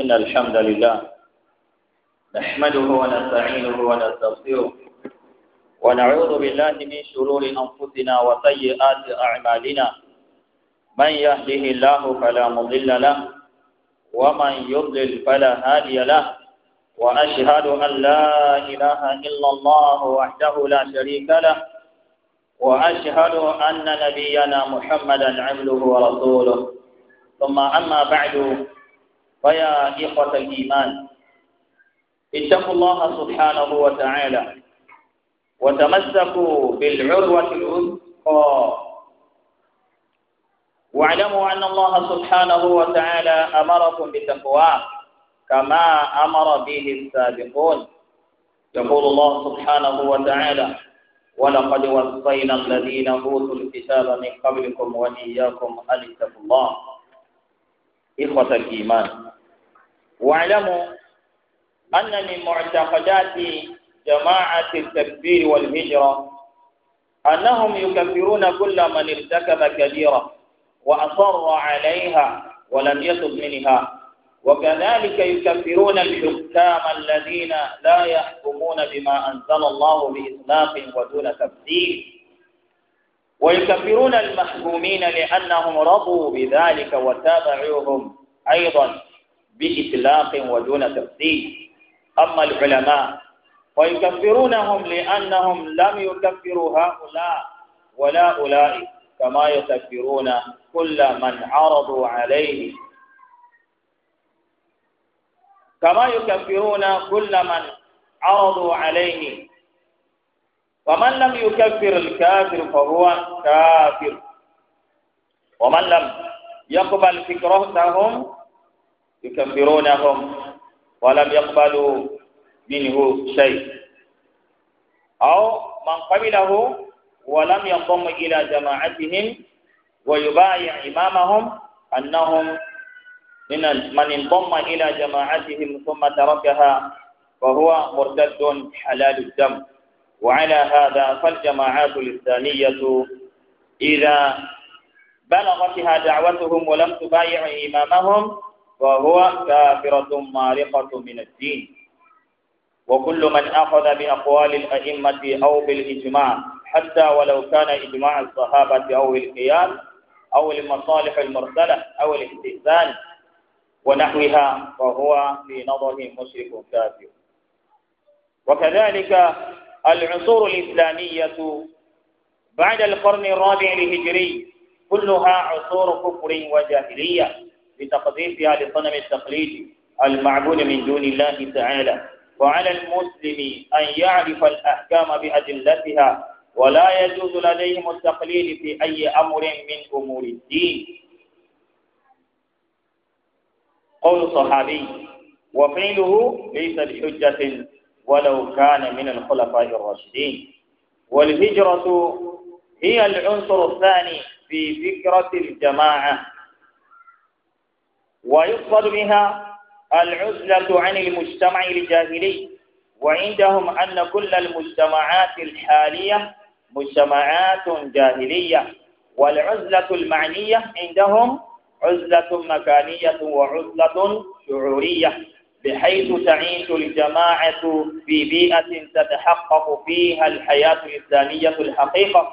إن الحمد لله نحمده ونستعينه ونستغفره ونعوذ بالله من شرور أنفسنا وسيئات أعمالنا من يهده الله فلا مضل له ومن يضلل فلا هادي له وأشهد أن لا إله إلا الله وحده لا شريك له وأشهد أن نبينا محمدا عبده ورسوله ثم أما بعد فيا إخوة الإيمان اتقوا الله سبحانه وتعالى وتمسكوا بالعروة الوثقى واعلموا أن الله سبحانه وتعالى أمركم بتقواه كما أمر به السابقون يقول الله سبحانه وتعالى ولقد وصينا الذين أوتوا الكتاب من قبلكم وإياكم أن اتقوا الله إخوة الإيمان واعلموا أن من معتقدات جماعة التكبير والهجرة أنهم يكفرون كل من ارتكب كبيرة وأصر عليها ولم يتب منها وكذلك يكفرون الحكام الذين لا يحكمون بما أنزل الله بإطلاق ودون تبديل ويكفرون المحكومين لأنهم رضوا بذلك وتابعوهم أيضا بإطلاق ودون تفصيل أما العلماء فيكفرونهم لأنهم لم يكفروا هؤلاء ولا أولئك كما يكفرون كل من عرضوا عليه كما يكفرون كل من عرضوا عليه ومن لم يكفر الكافر فهو كافر ومن لم يقبل فكرتهم يكفرونهم ولم يقبلوا منه شيء أو من قبله ولم ينضم إلى جماعتهم ويبايع إمامهم أنهم من من انضم إلى جماعتهم ثم تركها فهو مرتد حلال الدم وعلى هذا فالجماعات الإسلامية إذا بلغتها دعوتهم ولم تبايع إمامهم فهو كافرة مارقة من الدين وكل من أخذ بأقوال الأئمة أو بالإجماع حتى ولو كان إجماع الصحابة أو القيام أو المصالح المرسلة أو الاستئذان ونحوها فهو في نظره مشرك كافر وكذلك العصور الإسلامية بعد القرن الرابع الهجري كلها عصور كفر وجاهلية بتقذيفها لصنم التقليد المعبود من دون الله تعالى وعلى المسلم أن يعرف الأحكام بأدلتها ولا يجوز لديهم التقليد في أي أمر من أمور الدين قول صحابي وفعله ليس بحجة ولو كان من الخلفاء الراشدين والهجرة هي العنصر الثاني في فكرة الجماعة ويقصد بها العزلة عن المجتمع الجاهلي وعندهم أن كل المجتمعات الحالية مجتمعات جاهلية والعزلة المعنية عندهم عزلة مكانية وعزلة شعورية بحيث تعيش الجماعة في بيئة تتحقق فيها الحياة الإسلامية الحقيقة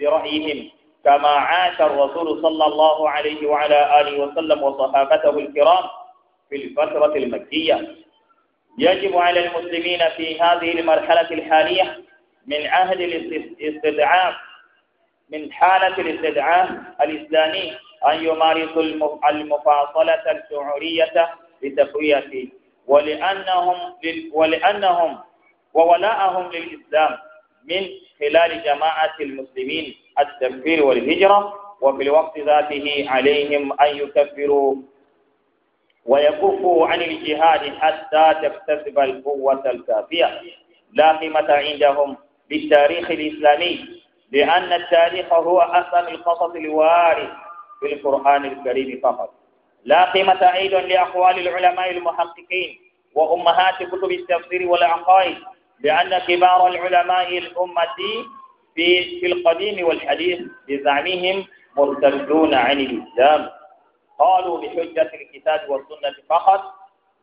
برأيهم كما عاش الرسول صلى الله عليه وعلى آله وسلم وصحابته الكرام في الفترة المكية يجب على المسلمين في هذه المرحلة الحالية من عهد الاستدعاء من حالة الاستدعاء الإسلامي أن يمارسوا المفاصلة الشعورية لتقويته ولأنهم ولأنهم وولاءهم للإسلام من خلال جماعة المسلمين التكفير والهجرة وفي الوقت ذاته عليهم أن يكفروا ويكفوا عن الجهاد حتى تكتسب القوة الكافية لا قيمة عندهم بالتاريخ الإسلامي لأن التاريخ هو أصل القصص الوارث في القرآن الكريم فقط لا قيمة أيضا لأقوال العلماء المحققين وأمهات كتب التفسير والعقائد لأن كبار العلماء الأمة في في القديم والحديث بزعمهم مرتدون عن الإسلام قالوا بحجة الكتاب والسنة فقط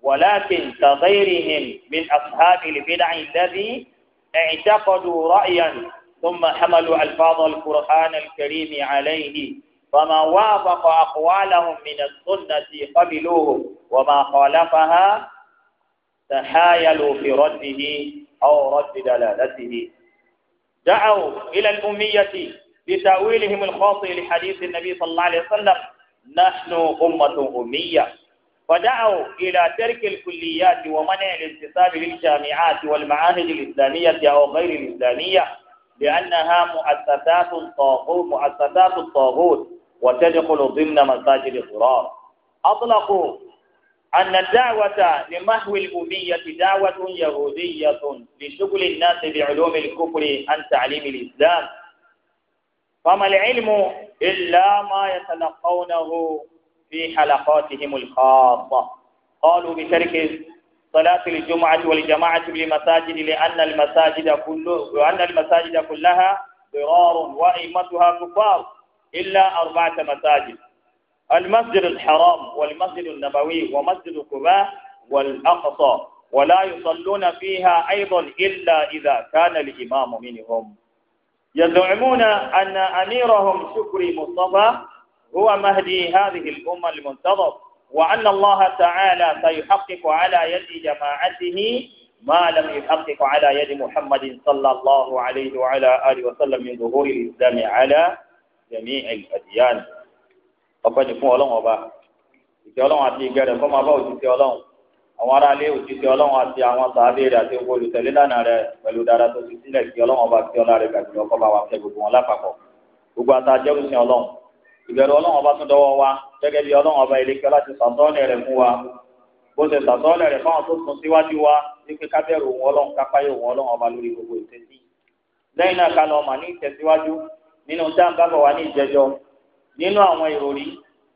ولكن كغيرهم من أصحاب البدع الذي اعتقدوا رأيا ثم حملوا ألفاظ القرآن الكريم عليه فما وافق أقوالهم من السنة قبلوه وما خالفها تحايلوا في رده أو رد دلالته دعوا إلى الأمية بتأويلهم الخاطئ لحديث النبي صلى الله عليه وسلم نحن أمة أمية فدعوا إلى ترك الكليات ومنع الانتساب للجامعات والمعاهد الإسلامية أو غير الإسلامية لأنها مؤسسات الطاغوت مؤسسات الطاغوت وتدخل ضمن مساجد الضرار أطلقوا أن الدعوة لمحو الأمية دعوة يهودية لشغل الناس بعلوم الكفر عن تعليم الإسلام فما العلم إلا ما يتلقونه في حلقاتهم الخاصة قالوا بترك صلاة الجمعة والجماعة بالمساجد لأن المساجد كله لأن المساجد كلها ضرار وأئمتها كفار إلا أربعة مساجد المسجد الحرام والمسجد النبوي ومسجد قباء والأقصى ولا يصلون فيها أيضا إلا إذا كان الإمام منهم يزعمون أن أميرهم شكري مصطفى هو مهدي هذه الأمة المنتظر وأن الله تعالى سيحقق على يد جماعته ما لم يحقق على يد محمد صلى الله عليه وعلى آله وسلم من ظهور الإسلام على جميع الأديان ọpẹ́ ní fún ọlọ́run ọba ìtẹ́ ọlọ́run àti ìgbẹ́ rẹ̀ kọ́ máa bá òtítẹ́ ọlọ́run àwọn aráalé òtítẹ́ ọlọ́run àti àwọn sàábé rẹ̀ àti gbogbo olùtẹ̀lé lánàá rẹ̀ pẹ̀lú dára tó ti sílẹ̀ kí ọlọ́run ọba kí ọlá rẹ̀ gàdúrà ọkọ̀ bá wa fẹ́ gbogbo wọn lápapọ̀ gbogbo àtàjẹ́rù sí ọlọ́run ìbẹ̀rù ọlọ́run ọba tún dọwọ́ wa gẹ́gẹ́ bí ọlọ́run ọba ìlẹ́kẹ́ láti sàtọ́ọ̀lẹ̀ rẹ̀ fún wa bó ṣe sàtọ́ọ̀lẹ̀ rẹ̀ fáwọn tó sùn síwájú wa wípé kábẹ́rù òun ọlọ́run kápáyé òun ọlọ́run ọba lórí gbogbo ìtẹ́sí lẹ́yìn náà ká lọ́ọ́ ní ìtẹ̀síwájú nínú tá à wá ní ìjẹjọ́ nínú àwọn ìròrí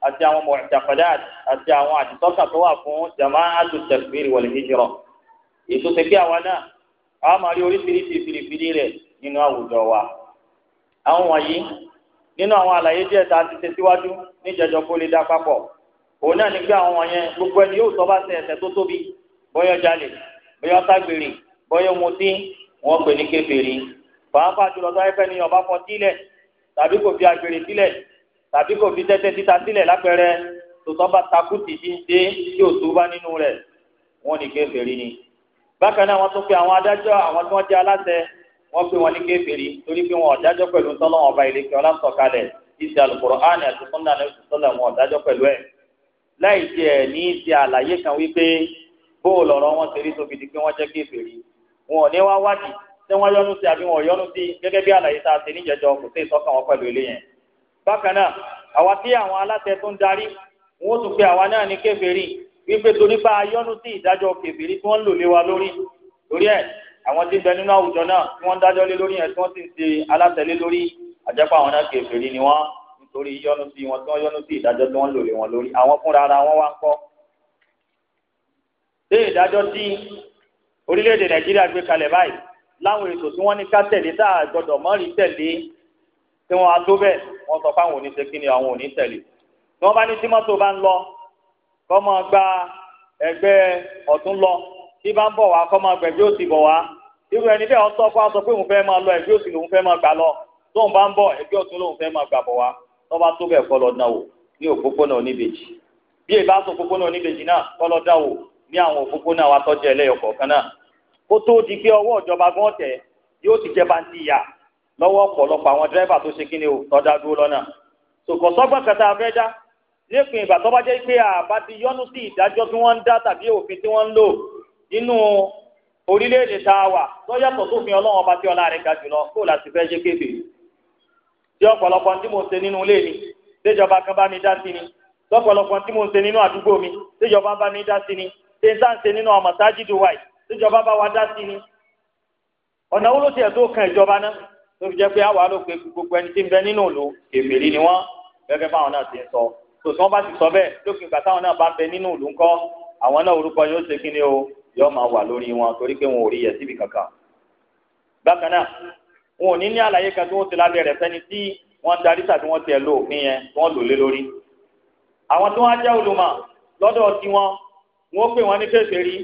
àti àwọn mu'taqadat àti àwọn àdìsọ́kà tó wà fún jama'atu takfiri wal hijra ètò tẹ̀kí àwa náà àwọn máa rí oríṣiríṣi fìrìfìrì rẹ̀ nínú àwùjọ wa. àwọn wọ̀nyí nínú àwọn àlàyé díẹ̀ tá a ti ṣe síwájú níjẹjọ kó lè dá papọ̀ òun náà ní pé àwọn wọ̀nyẹn gbogbo ẹni yóò sọ bá ṣe ẹ̀ṣẹ̀ tó tóbi bóyá jalè bóyá ságbèrè bóyá mutí wọn pè ní kèfèrí pàápàá jùlọ tó ayẹfẹ tàbí kò fi tẹ́tẹ́ títa sílẹ̀ lápẹ̀rẹ̀ tòtọ́ bá takú tì í dé tí ò tó bá nínú rẹ̀ wọ́n ní kéferì ni. bákan náà wọ́n tún pe àwọn adájọ́ àwọn tí wọ́n jẹ́ aláṣẹ wọ́n pe wọn ní kéferì torí pé wọn ọ̀dájọ́ pẹ̀lú tọ́lọ́wọ́n ọba ìlẹ́kẹ́ ọlásọ̀kalẹ̀ ìsì Al-Qur'ani àti sunna ní sọ́lẹ̀ wọn ọ̀dájọ́ pẹ̀lú ẹ̀. láì tiẹ̀ ní ti àlàyé kan wípé bóò lọ̀rọ̀ wọn ṣe rí tóbi di pé wọ́n jẹ́ kéferì wọn ò ní wá wádìí tí wọ́n yọnu sí àbí wọn ò yọnu sí gẹ́gẹ́ bí àlàyé tá a ṣe níjẹ̀jọ́ kò sí ìtọ́kàn wọn pẹ̀lú ilé yẹn bákan náà àwa tí àwọn aláṣẹ tó ń darí wọn ó tún pe àwa náà ní kèfèrí wípé torí bá a yọ́nú sí ìdájọ́ kèfèrí tí wọ́n ń lò lé wa lórí torí ẹ̀ àwọn tí ń bẹ nínú àwùjọ náà tí wọ́n ń dájọ́ lé lórí yẹn tí wọ́n sì ń ṣe aláṣẹ lé lórí àjẹpọ̀ àwọn náà kèfèrí ni wọ́n nítorí yọ́nú sí wọn tí wọ́n yọ́nú sí ìdájọ́ tí wọ́n ń lò lé wọn lórí àwọn fúnra ara wọn wá ń kọ́ ṣé ìdájọ́ tí orílẹ̀-èdè Nàìjíríà gbé kalẹ̀ báyìí láwọn ètò tí wọ́n ní ká tẹ̀lé tá a gbọ́dọ̀ mọ́rí tẹ̀lé tí wọ́n á tó bẹ́ẹ̀ wọ́n sọ pé àwọn ò ní ṣe kí ni àwọn ò ní tẹ̀lé tí wọ́n bá ní tí mọ́tò bá ń lọ kọ́ máa gba ẹgbẹ́ ọ̀tún lọ tí bá ń bọ̀ wá kọ́ máa gbẹ̀gbẹ́ òsì bọ̀ wá irú ẹni bẹ́ẹ̀ ọtọ́ kó a sọ pé òun fẹ́ máa lọ ẹgbẹ́ òsì lòun fẹ́ máa gbà lọ tóun bá ń bọ̀ ẹgbẹ́ ọ̀tún lòun fẹ́ máa gbà bọ̀ wá tó bá tó bẹ́ẹ̀ kọ́ lọ dán wò ní òpópónà oníbejì bí èyí bá sọ òpópónà oníbejì náà kọ́ lọ dán wò ní àwọn òpópónà wa tọ́jú ẹlẹ́yọkọ̀ọ̀kan náà kó tó di pé ọwọ́ ìjọba gan tẹ̀ yóò ti jẹ́ bá ń ti yà lọ́wọ́ ọ̀pọ̀lọpọ̀ àwọn dírẹ́fà tó ṣe kíni o tọ́da dúró lọ́nà sòkòsọ́gbọ̀n kẹta abẹ́dá nípìn ìgbà tó bá jẹ́ pé àbá ti yọ́nú sí ìdájọ́ tí wọ́n ń dá tàbí òfin tí wọ́n ń lò nínú orílẹ̀-èdè tá a wà tó yàtọ̀ sófin ọlọ́run ọba tí ọlá rẹ̀ ga jùlọ kó láti fẹ́ ṣe kébè tí ọ̀pọ̀lọpọ̀ tí mo ń ṣe nínú ilé mi tíjọba kan bá mi dá sí ni lọ́pọ̀lọpọ̀ tí mo ṣe nínú àdúgbò mi tíjọba bá mi dá sí ni tí n sáà ń ṣe nínú àmọ̀tájídùwáì tíjọba bá wa dá sí ni ọ̀nà wo ló tiẹ̀ tó kan ìjọba náà tó fi jẹ́ pé àwa ló pe gbogbo ẹni tí ń bẹ nínú òlu kèfèrí ni wọ́n gẹ́gẹ́ báwọn náà ti ń sọ tòsí wọn bá ti sọ bẹ́ẹ̀ lópin ìgbà táwọn náà bá bẹ nínú òlu ńkọ́ àwọn náà orúkọ yóò ṣe kí ni o yóò máa wà lórí wọn torí pé wọn ò rí yẹ síbi kankan bákan náà wọn ò ní ní àlàyé kan tí wọ́n ti lábẹ́ rẹ̀ fẹ́ni tí wọ́n darí tàbí wọ́n tiẹ̀ lò òfin yẹn tí lò lé lórí àwọn tí wọ́n á jẹ́ olùmọ̀ lọ́dọ̀ tiwọn wọ́n pè wọ́n ní kèfèrí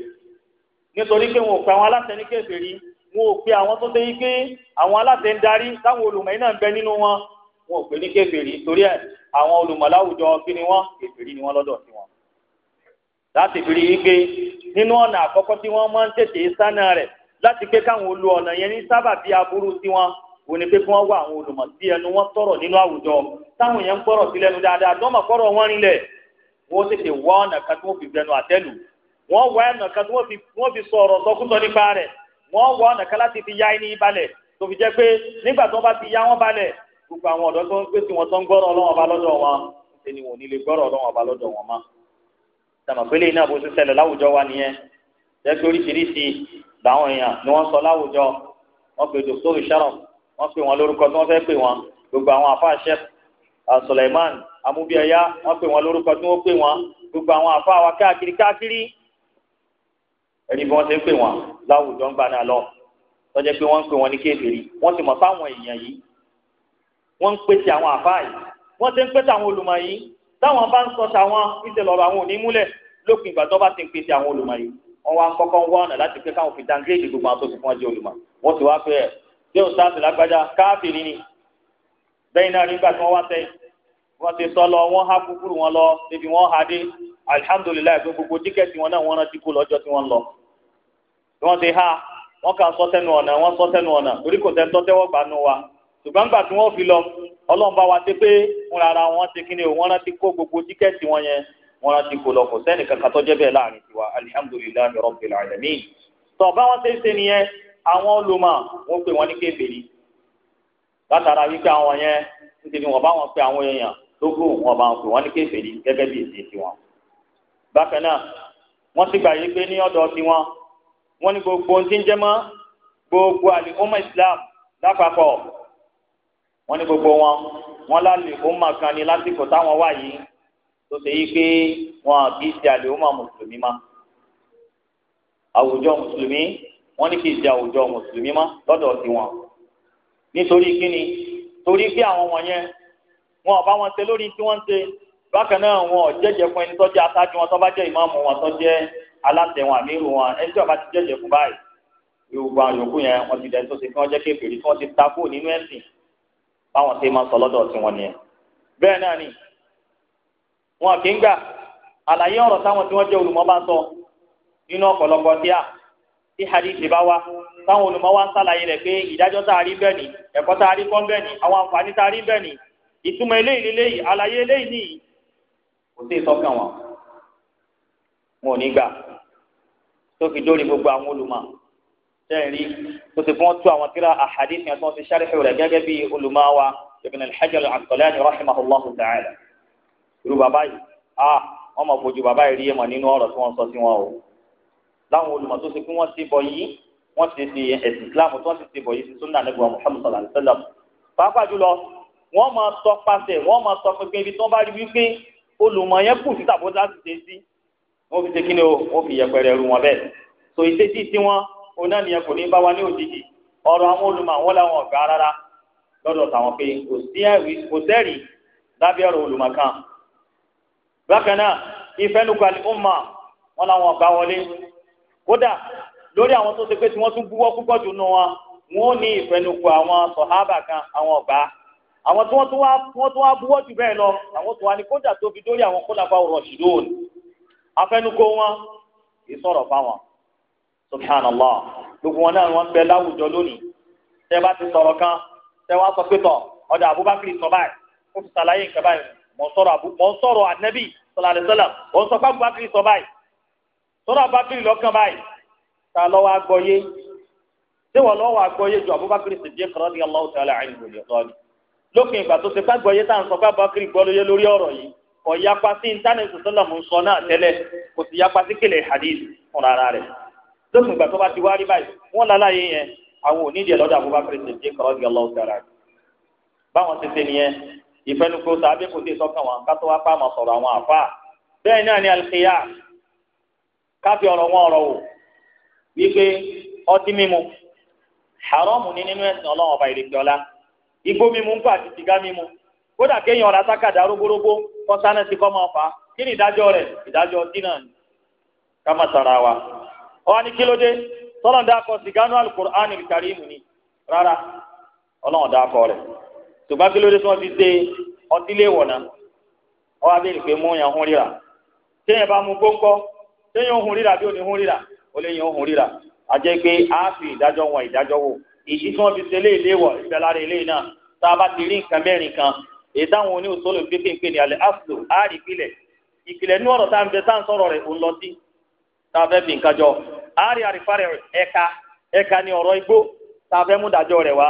nítorí pé wọn ò pa wọn aláṣẹ ní kèfèrí wọn ò pe àwọn tó ṣe yí pé àwọn aláṣẹ ń darí táwọn olùmọ̀ iná ń bẹ nínú wọn wọn ò pè ní kèfèrí torí àwọn olùmọ̀ láwùjọ kí ni wọn kèfèrí ni lọ́dọ̀ sí wọn. láti fi rí nínú ọ̀nà àkọ́kọ́ tí wọ́n máa ń tètè sánà rẹ̀ láti pé káwọn olú ọ̀nà yẹn ní sábà bí aburú sí wọn òní pé kí wá àwọn olùmọ̀ wọ́n wọ ọ̀nà kan láti fi ya ẹni balẹ̀ tó fi jẹ́ pé nígbà tó bá ti ya wọ́n balẹ̀ gbogbo àwọn ọ̀dọ́ tó ń gbé tí wọ́n tó ń gbọ́rọ̀ ọlọ́wọ́n ọba lọ́dọ̀ wọn ṣe ni wọn ò ní lè gbọ́rọ̀ ọlọ́wọ́n ọba lọ́dọ̀ wọn mọ́. sàmà pélé iná bó ṣe ṣẹlẹ̀ láwùjọ wa nìyẹn jẹ́ pé oríṣiríṣi làwọn èèyàn ni wọ́n sọ láwùjọ wọ́n pe dòkítọ́rì sharon wọ́n pe wọn lórúkọ tí wọ́n fẹ́ pè wọn gbogbo àwọn àfa chef Suleiman amúbíẹyà wọ́n pe wọn lórúkọ tí wọ́n pè wọn gbogbo àwọn àfa wa káàkiri káàkiri ẹni bí wọ́n ṣe ń pè wọ́n láwùjọ ń gbà náà lọ tọ́jẹ́ pé wọ́n ń pè wọ́n ní kéferì wọ́n ti mọ̀ fáwọn èèyàn yìí wọ́n ń pèsè àwọn àfáà yìí wọ́n ti ń pèsè àwọn olùmọ̀ yìí táwọn bá ń sọ tàwọn ìṣẹ̀lẹ̀ ọ̀rọ̀ àwọn òní múlẹ̀ lópin ìgbà tó bá ti ń pèsè àwọn olùmọ̀ yìí wọ́n wá ń kọ́kọ́ wọ́n ọ̀nà láti pé káwọn fi dangrèdì gbogbo àwọn tó ti fún ọjọ́ olùmọ̀ wọ́n ti wá pé ẹ̀ bí òṣàṣì lágbájá káàfìrí ni bẹ́ẹ̀ náà nígbà tí wọ́n wá sẹ́yìn wọ́n ti sọ lọ wọ́n há kúkúrú wọn lọ níbi wọ́n há dé alihamudulilayi pé gbogbo tíkẹ́ẹ̀tì wọn náà wọ́n rántí kó lọ́jọ́ tí wọ́n lọ. bí wọ́n ti há wọ́n kà sọ sẹ́nu ọ̀nà wọ́n sọ sẹ́nu ọ̀nà torí kò tẹ́tọ́ tẹ́wọ́ gbà nù wa ṣùgbọ́n gbà tí wọ́n fi lọ ọlọ́run bá wa ṣe pé fúnra ara wọn ti kíni o wọ́n rántí kó gbogbo tíkẹ́ẹ̀tì wọn yẹn wọ́n rántí kó lọ kò sẹ́ni kankan tó jẹ́ bẹ́ẹ̀ láàrin tó kù wọn máa ń pè wọn ní kèfèrí gẹ́gẹ́ bí ìṣe tiwọn. bákan náà wọ́n ti gbà yí pé ní ọ̀dọ̀ tiwọn wọ́n ní gbogbo ohun tí ń jẹ́ mọ́ gbogbo àlè ọmọ islam lápapọ̀ wọ́n ní gbogbo wọn wọ́n lálẹ́ ọmọ kan ní lásìkò táwọn wà yìí tó ṣe yí pé wọn kì í ṣe àlè ọmọ mùsùlùmí mọ́ àwùjọ mùsùlùmí wọ́n ní kì í ṣe àwùjọ mùsùlùmí mọ́ lọ́dọ̀ tiwọn nítorí kíni torí pé àwọn wọ̀nyẹn wọn ò bá wọn ṣe lórí tí wọ́n ń ṣe bákan náà wọn ò jẹ́jẹ́ fún ẹni tó jẹ́ aṣáájú wọn tó bá jẹ́ ìmáàmù wọn tó jẹ́ aláṣẹ wọn àmírù wọn ẹni tí wọ́n bá ti jẹ́jẹ́ fún báyìí yorùbá yòókù yẹn wọ́n ti dẹni tó ṣe kí wọ́n kékeré tí wọ́n ti ta kó nínú ẹ̀sìn báwọn ṣe máa sọ lọ́dọ̀ tí wọ́n nìyẹn bẹ́ẹ̀ náà ni wọn kì í gbà àlàyé ọ̀rọ̀ táwọn tí wọ́n jẹ́ olùmọ̀ bá sọ nínú ọ̀pọ̀lọpọ̀ tí a tí hadithi bá wá táwọn olùmọ̀ wá ń sàlàyé rẹ̀ pé ìdájọ́ tá a rí bẹ́ẹ̀ ni ẹ̀kọ́ tá a rí kọ́ bẹ́ẹ̀ ni àwọn àǹfààní tá a rí bẹ́ẹ̀ ni ìtumọ̀ eléyìí lélẹ́yìí àlàyé eléyìí nìyí kò sí ìtọ́kàn wọn wọn ò ní gbà tó fi dórí gbogbo àwọn olùmọ̀ sẹ́ẹ̀rí kò sì fún wọn tú àwọn tíra àhàdìsì àti wọn ti ṣàrìṣẹ́ rẹ̀ gẹ́gẹ́ bí olùmọ̀ wa Ibn al-Hajar al-Asqalani rahimahullahu ta'ala irú bàbá yìí ah wọn mọ̀ fojú bàbá yìí rí ẹ̀mọ̀ nínú ọ̀rọ̀ tí wọ́n sọ sí wọn o láwọn olùmọ̀ tó ṣe fún wọn sí bọ̀ yìí wọ́n ti ṣe ẹ̀sìn Islam tó wọ́n ti ṣe yìí sí sunnah nígbà Muhammad sallallahu alayhi wa sallam pàápàá jùlọ wọ́n máa sọ pasẹ̀ wọ́n máa sọ pínpín ibi tí wọ́n bá rí wípé olùmọ̀ yẹn kù síta bó láti ṣe sí wọ́n fi ṣe kí ni o wọ́n fi yẹpẹrẹ ru wọn bẹ́ẹ̀ tó ìṣe sí tí wọ́n òun náà nìyẹn kò ní bá wa ní òjijì ọ̀rọ̀ àwọn olùmọ̀ àwọn làwọn ọ̀gá rárá lọ́dọ̀ táwọn pé kò sẹ́rì lábẹ́ ọ̀rọ̀ olùmọ̀ kan bákan náà ìfẹnukọ àlùmọ̀ wọn làwọn ọ̀gá wọlé kódà lórí àwọn tó ṣe pé tí wọ́n tún búwọ́ púpọ̀ jù nù wọn wọn ò ní ìfẹnukọ àwọn sọ̀hábà kan àwọn ọ̀gá àwọn tí wọ́n tún wá wọ́n tún wá buwọ́ jù bẹ́ẹ̀ lọ àwọn tó wá ní kódà tó fi dórí àwọn kódà bá rọ̀ ṣùdó ni afẹnukó wọn kì í sọ̀rọ̀ fáwọn subhanallah gbogbo wọn náà wọ́n bẹ láwùjọ lónìí tẹ́ bá ti sọ̀rọ̀ kan tẹ́ wá sọ pé tọ̀ ọ̀dà Abubakar sọ báyìí ó ti sàlàyé nǹkan báyìí mò ń sọ̀rọ̀ àbú mò ń sọ̀rọ̀ ànẹ́bí sallallahu ń sọ pé Abubakar sọ báyìí sọ̀rọ̀ Abubakar lọ́kàn báyìí ta lọ́wọ́ agbọ́yé tí wọ́n lọ́wọ́ agbọ́yé ju Abubakar Siddiq radiyallahu ta'ala anhu lópin ìgbà tó ṣe gbàgbọ́ yé tá à ń sọ pé abakiri gbọ́ lóye lórí ọ̀rọ̀ yìí kò yapa sí íńtánẹ́ẹ̀tì sọ́lá mò ń sọ náà tẹ́lẹ̀ kò sì yapa sí kele hadith fúnra ara rẹ̀ lópin ìgbà tó bá ti wá rí báyìí wọ́n lálàyé yẹn àwọn onídìí ẹ̀ lọ́dọ̀ abubakar ṣèjì kọ́ ọ́dí ọlọ́wọ́ sára báwọn ṣe ṣe nìyẹn ìfẹnukò sábẹ́ kò wọn ká tó igbó mímu ń fà àti sìgá mímu kódà kéèyàn ọ̀rá sákàdá rógbórógbó kọ́sánà ti kọ́ máa fà á kí ni ìdájọ́ rẹ̀ ìdájọ́ dínà ni ká má sara wa. ọ̀wá ní kílódé tọ́lọ̀ ń dákọ̀ ni rárá ọlọ́run rẹ̀ tí wọ́n ti dé ọtí lé wọ̀nà ọ̀wá bẹ́ẹ̀ pé mú yàn hún ríra téèyàn bá gbóńkọ́ téèyàn hún ríra bí ò ìṣí tí wọ́n fi ṣe léèlé wọ̀ ìbẹ̀ lára ilé náà tá a bá ti rí nǹkan mẹ́rin kan èyí táwọn oní òṣòlò pépè ń pè ní alẹ́ aslo àárí ìpìlẹ̀ ìpìlẹ̀ ní ọ̀rọ̀ tá à ń bẹ tá à ń sọ̀rọ̀ rẹ̀ òun lọ sí tá a fẹ́ fi nǹkan jọ àárí àrífàrẹ̀ ẹ̀ka ẹ̀ka ni ọ̀rọ̀ igbó tá a fẹ́ mú ìdájọ́ rẹ̀ wá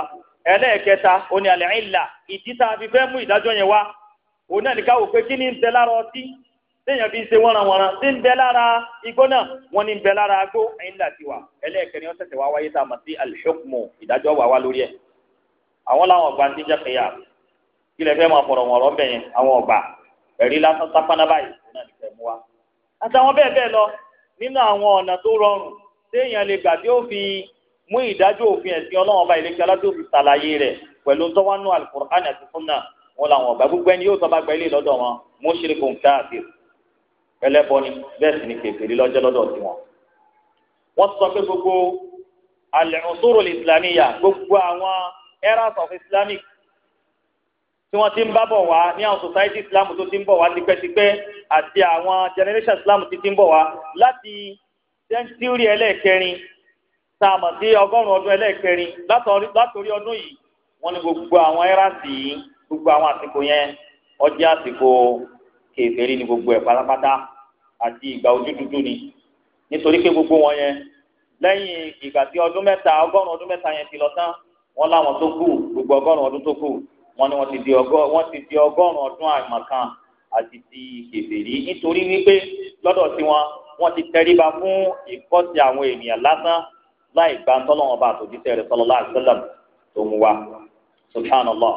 ẹlẹ́ẹ̀kẹta oní alẹ́ ìlà ìdí tá a fi fẹ́ mú ìdájọ́ yẹn wá òun náà ní ká wò pé kí ni ń tẹ lára ọtí téèyàn fi ń ṣe wọ́nranwọ́nran tí ń bẹ lára igbó náà wọ́n ní ń bẹ lára agbó ẹ̀yìn láti wà ẹlẹ́ẹ̀kẹrin wọ́n ṣẹ̀ṣẹ̀ wáyé tá a mọ̀ sí alihukmu ìdájọ́ wà wá lórí ẹ̀ àwọn làwọn ọgbà ti jẹ́ kẹyà kílẹ̀ fẹ́ máa fọ̀rọ̀ wọ̀rọ̀ bẹ̀yẹn àwọn ọgbà ẹ̀rí lásán sápáná báyìí náà ní fẹ́ wa. àtàwọn bẹ́ẹ̀ bẹ́ẹ̀ lọ nínú àwọn ọ̀nà tó rọrùn téèyàn lè gbà tí ó fi mú ìdájọ́ òfin ẹ̀sìn ọlọ́run ọba ìlẹ́kẹ́ aládùn fi ṣàlàyé rẹ̀ pẹ̀lú tọ́wánú alukur'an àti sunna wọn làwọn ọgbà gbogbo ẹni yóò tọ́ bá gba ilé lọ́dọ̀ wọn mú ṣe kò ẹlẹ́bọ ni bẹ́ẹ̀ sì ni kèfèrí lọ́jọ́ lọ́dọ̀ tiwọn. wọ́n sọ pé gbogbo al-usur al-islamiyya gbogbo àwọn eras of islamic tí wọ́n ti ń bá bọ̀ wá ní àwọn society islam tó ti ń bọ̀ wá tipẹ́tipẹ́ àti àwọn generation islam ti ti ń bọ̀ wá láti century ẹlẹ́ẹ̀kẹrin tá a mọ̀ sí ọgọ́rùn-ún ọdún ẹlẹ́ẹ̀kẹrin látòrí ọdún yìí wọ́n ní gbogbo àwọn eras yìí gbogbo àwọn àsìkò yẹn ó àsìkò kèfèrí ni gbogbo ẹ̀ pátápátá àti ìgbà ojú dúdú ni nítorí pé gbogbo wọn yẹn lẹ́yìn ìgbà tí ọdún mẹ́ta ọgọ́rùn ọdún mẹ́ta yẹn ti lọ tán wọ́n láwọn tó kù gbogbo ọgọ́rùn ọdún tó kù wọ́n ní wọ́n ti di ọgọ́rùn ọdún àìmọ̀kan àti ti kèfèrí nítorí wípé lọ́dọ̀ tiwọn wọ́n ti tẹríba fún ìkọ́sí àwọn ènìyàn lásán láì gba tọ́lọ́wọ́n bá àtòjíṣẹ́ rẹ̀ sallallahu alaihi tó mú wa subhanallah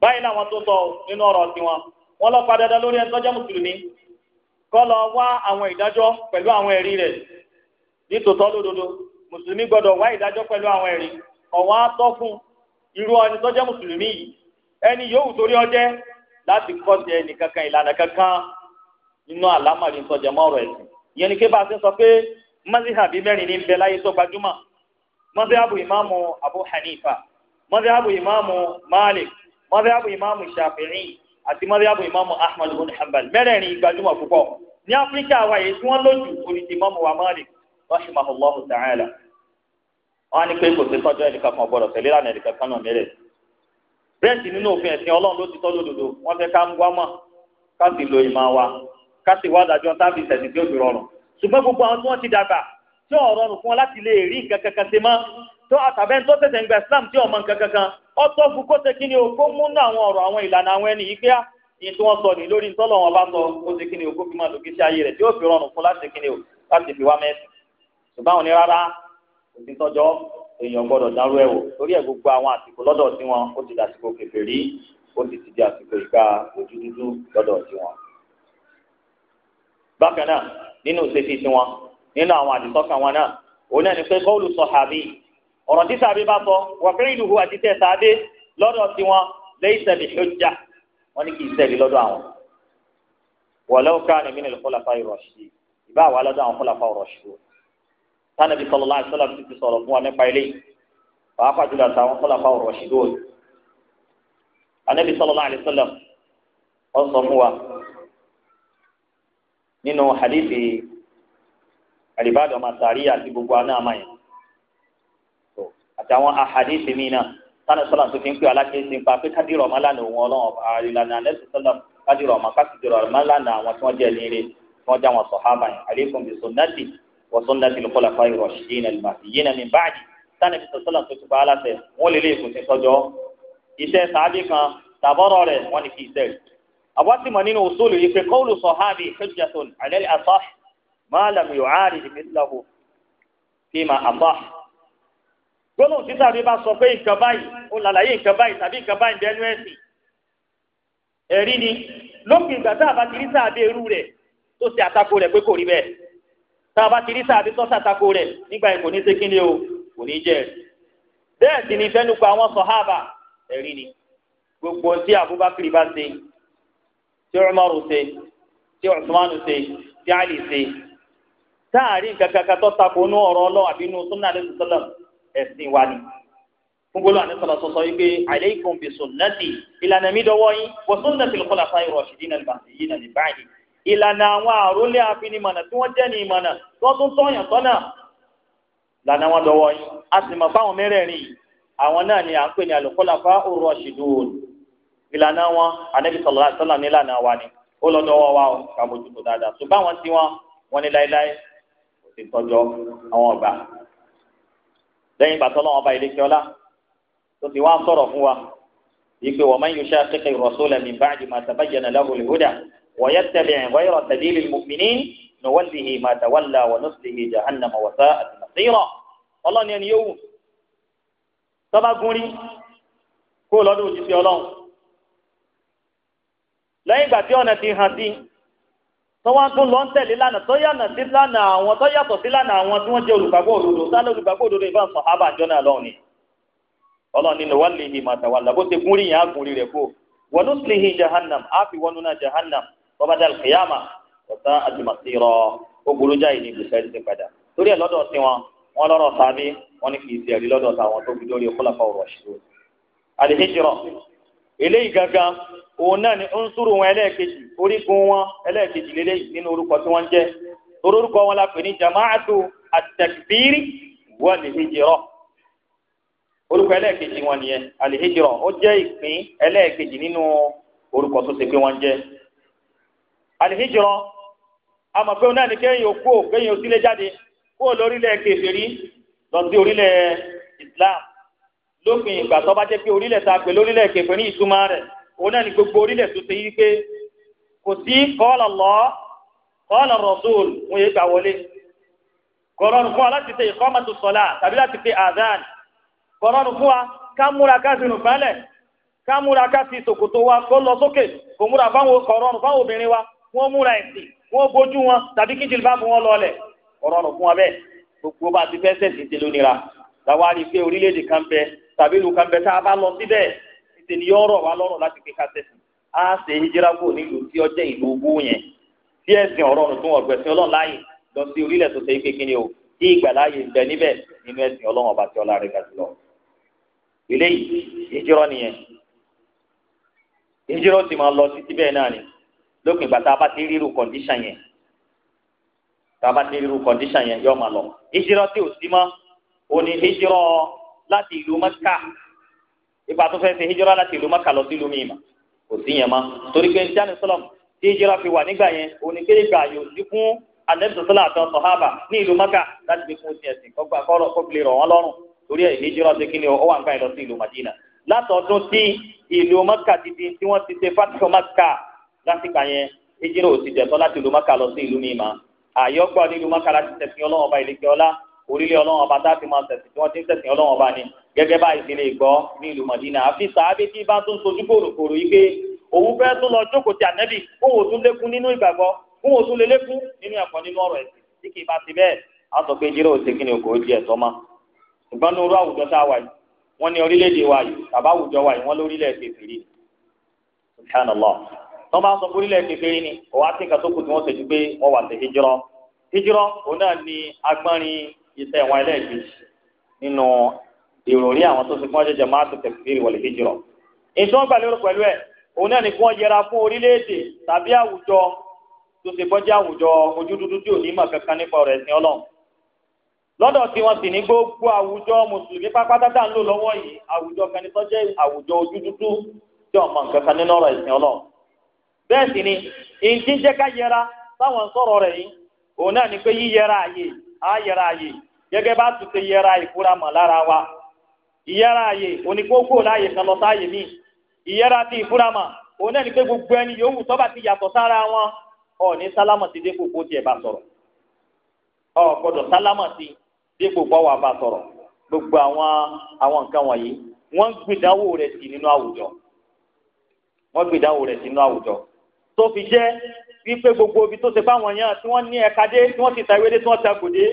báyìí làwọn tó sọ nínú ọ̀rọ̀ tiwọn wọ́n lọ padà dandan lórí ẹni tó jẹ́ mùsùlùmí kó lọ wá àwọn ìdájọ́ pẹ̀lú àwọn ẹ̀rí rẹ̀ nítòótọ́ lódodo mùsùlùmí gbọ́dọ̀ wá ìdájọ́ pẹ̀lú àwọn ẹ̀rí ọ̀wọ́n á tọ́ fún irú ẹni tó jẹ́ mùsùlùmí yìí ẹni yòówù torí ọjẹ́ láti kọ́ sí kankan ìlànà kankan nínú ọ̀rọ̀ ẹ̀sìn ìyẹn ni kébà sọ pé mọ́síhàbí mẹ́rin ní bẹ láyé tó Abu Hanifa mọ́síhàbù ìmáàmù àti mọ́ríàbù ìmáàmù ahmad bin hanbal mẹ́rẹ̀ẹ̀rin gbajúmọ̀ púpọ̀ ní áfíríkà wa yìí tí wọ́n lójú orí ti ìmáàmù wa malik rahimahullahu ta'ala wọ́n á ní pé kò sí tọ́jú ẹnìkan kan gbọ́dọ̀ tẹ̀lé lánàá ẹnìkan kan náà mẹ́rẹ̀ bẹ́ẹ̀sì nínú òfin ẹ̀sìn ọlọ́run ló ti tọ́ lódodo wọ́n fẹ́ ká ń wá mọ̀ ká sì lo ìmọ̀ wa ká sì wá dájọ́ tábìlì tó àtàbẹ́ńtó tẹ̀sẹ̀ ń gba islam tí ọmọ nǹkan kankan ọtọ́ fún kó ṣe kíni o mú ní àwọn ọ̀rọ̀ àwọn ìlànà àwọn ẹni yìí pé ní tí wọ́n sọ ní lórí wọn bá sọ ó kí kíni o máa sí ayé rẹ̀ tí ó fi rọrùn fún láti o láti fi wá mẹ́sì ṣùgbọ́n ní rárá kò èèyàn gbọ́dọ̀ dárú torí àwọn àsìkò lọ́dọ̀ ó ti àsìkò ìgbà ojú dúdú lọ́dọ̀ ọ̀rọ̀ tí sàbí bá sọ wà fẹ́rẹ́ ìlú àti tẹ̀ sàbí lọ́dọ̀ tiwọn lẹ́yìn sẹ́bi ṣọ́jà wọn ní kì í sẹ́bi lọ́dọ̀ àwọn wọlé ọkà ni mí ni lọ́kọ́láfà ìrọ̀ṣì ìbá wà lọ́dọ̀ àwọn kọ́láfà ìrọ̀ṣì o tánàbí sọlọ́lá àṣọlá ti ti sọ̀rọ̀ fún wa nípa ilé pàápàá jùlọ àtàwọn kọ́láfà ìrọ̀ṣì o ànábi sọlọ́lá àṣọlá wọn sọ fún wa nínú hadithi àdìbàdàn màtàrí àti gbogbo anáàmáyìn àtàwọn àhàdíìsì míì náà sani sọlá tó fi ń pè alákèésí ń pa pé kádìrọ̀ ọmọ lánàá òun ọlọ́run àìlànà alẹ́sì sọlá kádìrọ̀ ọmọ kásìdìrọ̀ ọmọ lánàá àwọn tí wọ́n jẹ́ ní ire tí wọ́n já wọn sàhábà yẹn alaykum bi sunnati wa sunnati al-khulafa'ir rashidin al-mahdiyyin min ba'di sani sọlá tó ti pa aláṣẹ wọ́n lè lè kùsìn sọ́jọ́ iṣẹ́ sàábì kan tàbọ̀rọ̀ rẹ̀ gbólóhùn tí sàbí bá sọ pé nǹkan báyìí ó làlàyé nǹkan báyìí tàbí nǹkan báyìí bẹ́ẹ̀ ẹ̀sìn ẹ̀rí ni lópin ìgbà tá a bá ti rí sàbí irú rẹ̀ tó ṣe àtakò rẹ̀ pé kò rí bẹ́ẹ̀ tá a bá ti rí sàbí tó ṣàtakò rẹ̀ nígbà yẹn kò ní ṣe kíni o kò ní jẹ́ bẹ́ẹ̀ sì ni fẹ́nukọ àwọn sọ̀hábà ẹ̀rí ni gbogbo tí Abubakar bá ṣe tí Umaru ṣe tí Usmanu ṣe tí Ali ṣe táàrí nǹkan kankan tó takò nú ọ̀rọ̀ ọlọ́ àbínú sunnah alẹ́ sọ́lọ́mù ẹ̀sìn wa ni gbogbo lọ́wọ́ àníṣọ́lá sọ sọ wípé alaykum bi sunnati ìlànà mi dọwọ́ yín wa sunnati al-khulafa'i ar-rashidina al-mahdiyina min ba'di ìlànà àwọn àrólé àfinimọ̀nà tí wọ́n jẹ́ ní ìmọ̀nà tí wọ́n tún tọ́yàn tọ́nà lànà wọn dọwọ́ yín a sì mọ̀ fáwọn mẹ́rẹ̀ẹ̀rin àwọn náà ni à ń pè ní al-khulafa'u ar-rashidun lẹ́yìn ìgbà tó lọ́wọ́ ọba ìlẹ́kẹ́ ọlá tó ti wá sọ̀rọ̀ fún wa ìpè wa man yushaqiqi ar-rasula min ba'di ma tabayyana lahu al-huda wa yattabi' ghayra sabili al-mu'minin nuwallihi ma tawalla wa nuslihi jahannama wa sa'at ọlọ́ni ẹni yóò wù tọ́ba gúnrí kó lọ́dún òjì tọ́wọ́n tún lọ ń tẹ̀lé lánàá tó yànà sí lánàá àwọn tó yàtọ̀ sí lánàá àwọn tí wọ́n jẹ́ olùgbàgbọ́ òdodo sálẹ̀ olùgbàgbọ́ òdodo ìbá sàhábà àjọ náà lọ́wọ́ ni ọlọ́run nínú wà lè hìmà tàwàlà bó ṣe gún rí yẹn àgùn rí rẹ̀ kó wọn ló sì hìn jahannam á fi wọnú náà jahannam bọ́bá dàl kìyàmà ọ̀tá àjùmọ̀sí rọ ó burú jáì ní ibùsọ̀ ẹ̀sìn padà torí ẹ̀ lọ́dọ̀ sí wọn wọn lọ́rọ̀ sábí wọn ni kì í ṣe ẹ̀rí lọ́dọ̀ táwọn tó fi dórí ọkọlọ́fà ọ̀rọ̀ ṣùgbọ́n eléyìí gangan òun náà ni ń sùúrù wọn ẹlẹ́ẹ̀kejì orígun wọn ẹlẹ́ẹ̀kejì lélẹ́yìí nínú orúkọ tí wọ́n jẹ́ orúkọ wọn la pè ní jamaatu at-takbiri wal-hijra orúkọ ẹlẹ́ẹ̀kejì wọn nìyẹn al-hijra ó jẹ́ ìpín ẹlẹ́ẹ̀kejì nínú orúkọ tó ṣe pé wọ́n jẹ́ al-hijra àmọ́ pé òun náà ni kéèyàn jáde kó lórílẹ̀ Islam lópin ìgbà tó bá jẹ́ pé orílẹ̀ ta pè lórílẹ̀ kẹfẹ́ ní ìtumọ̀ rẹ̀ òun náà ni gbogbo orílẹ̀ tó ṣe yí pé kò sí qala Allah qala Rasul wọn yé gbà wọlé kọ̀rọ̀nù fún wa láti ṣe iqamatu salat tàbí láti ṣe àdán kọ̀rọ̀nù fún wa ká múra ká sinú fẹ́lẹ̀ ká múra ká fi ṣòkòtò wa kó lọ sókè kò múra fáwọn kọ̀rọ̀nù fáwọn obìnrin wa wọ́n tàbí ìlú kan bẹ tá a bá lọ síbẹ̀ títí ni yọ̀ọ̀rọ̀ wa lọ́rùn láti pé kásẹ̀sì á ṣe hijira kúrò nílùú tí ọjẹ́ ìlú ogún yẹn tí ẹ̀sìn ọ̀rọ̀ ọ̀run tún ọ̀gbẹ̀sìn ọlọ́run láàyè lọ sí orílẹ̀ tó ṣe o kí bẹ níbẹ̀ nínú ẹ̀sìn ọlọ́run ọba tí ọlá ni lópin ìgbà tá a bá ti rí irú yẹn tá a bá ti rí irú yẹn yóò máa lọ hijira tí ò sí láti ìlú mẹ́kà ipa tó fẹ́ ṣe hijira láti ìlú mẹ́kà lọ sí ìlú mìíràn kò sí yẹn mọ́ torí pé jani sọlọm tí hijira fi wà nígbà yẹn oníkéde gbà yóò sí fún anẹ́bùsọ̀sọ́lá àtọ́ sọ̀hábà ní ìlú mẹ́kà láti fi fún tiẹ̀ sìn kọ́gbà kọ́ lè rọ̀ wọ́n lọ́rùn torí ẹ̀ hijira ṣe kíni ọ wà nígbà yẹn lọ sí ìlú madina látọ̀dún tí ìlú mẹ́kà ti di tí wọ́n ti ṣe fásitì mẹ́kà lásìkò yẹn hijira ò ti jẹ̀tọ́ láti ìlú mẹ́kà lọ sí ìlú mìíràn àyọ́gbọ́ nílùú mẹ́kà láti tẹ̀sìn ọlọ́run ọba ìlẹ́kẹ́ ọlá orílẹ̀ ọlọ́run ọba tá a ti máa ṣẹ̀sìn tí wọ́n ti ń ṣẹ̀sìn ọlọ́run ọba ni gẹ́gẹ́ báyìí ti lè gbọ́ ní ìlú mọ̀dínà àfi sàábé tí bá tún sojú kòròkòrò yìí pé òun fẹ́ tún lọ jókòó ti ànẹ́bì fún òun tún lékún nínú ìgbàgbọ́ fún òun tún lè lékún nínú ẹ̀kọ́ nínú ọ̀rọ̀ ẹ̀sìn tí kì í bá ti bẹ́ẹ̀ á sọ pé jíròrò ṣe kí ni òkò di ẹ̀tọ́ mọ́ ṣùgbọ́n ní orú àwùjọ tá a wà yìí wọ́n ní orílẹ̀-èdè wa yìí tàbá àwùjọ wa yìí wọ́n lórílẹ̀ kèfèrí subhanallah wọ́n bá sọ pé orílẹ̀ kèfèrí ni òun á ti kàtókù tí wọ́n ṣe ju pé wọ́n wà sí hijrọ́ hijrọ́ òun náà ni agbọ́nrin iṣẹ́ wọn ẹlẹ́ẹ̀kejì nínú ìròrí àwọn tó ti fún ọjọ́ jẹ̀mọ́ àtúntẹ̀ kiri wọlé hijrọ̀. ètò wọn gbàlérò pẹ̀lú ẹ̀ òun náà ni kí wọ́n yẹra fún orílẹ̀-èdè tàbí àwùjọ tó ti gbọ́jẹ́ àwùjọ ojú dúdú tí ò ní mọ̀ kankan nípa ọ̀rọ̀ ẹ̀sìn ọlọ́run. lọ́dọ̀ tí wọ́n sì ní gbogbo àwùjọ mùsùlùmí lọ́wọ́ yìí àwùjọ kan àwùjọ ojú dúdú tí ò mọ̀ ni ìdíjẹ́ ká yẹra táwọn sọ̀rọ̀ rẹ̀ yìí òun náà ni pé yíyẹra àyè á yẹra àyè gẹ́gẹ́ bá tún ṣe yẹra ìfura mọ̀ lára wa ìyẹra àyè oníkókó láàyè kan lọ sáàyè míì ìyẹra ti ìfura mọ̀ òun náà ní pé gbogbo ẹni yòówù tó bá ti yàtọ̀ sára wọn ọ̀ọ́ni sálámọ̀ ti dé kókó tiẹ̀ bá sọ̀rọ̀ ọ̀ gbọ́dọ̀ sálámọ̀ ti dé kókó wà bá sọ̀rọ̀ gbogbo àwọn àwọn nǹkan wọ̀nyí wọ́n ń gbìdánwò rẹ̀ sí nínú àwùjọ wọ́n gbìdánwò rẹ̀ sí nínú àwùjọ tó fi jẹ́ wípé gbogbo ibi tó ṣe fáwọn yẹn tí wọ́n ní ẹ̀ka dé tí wọ́n ti ta ìwé dé tí wọ́n ta kò dé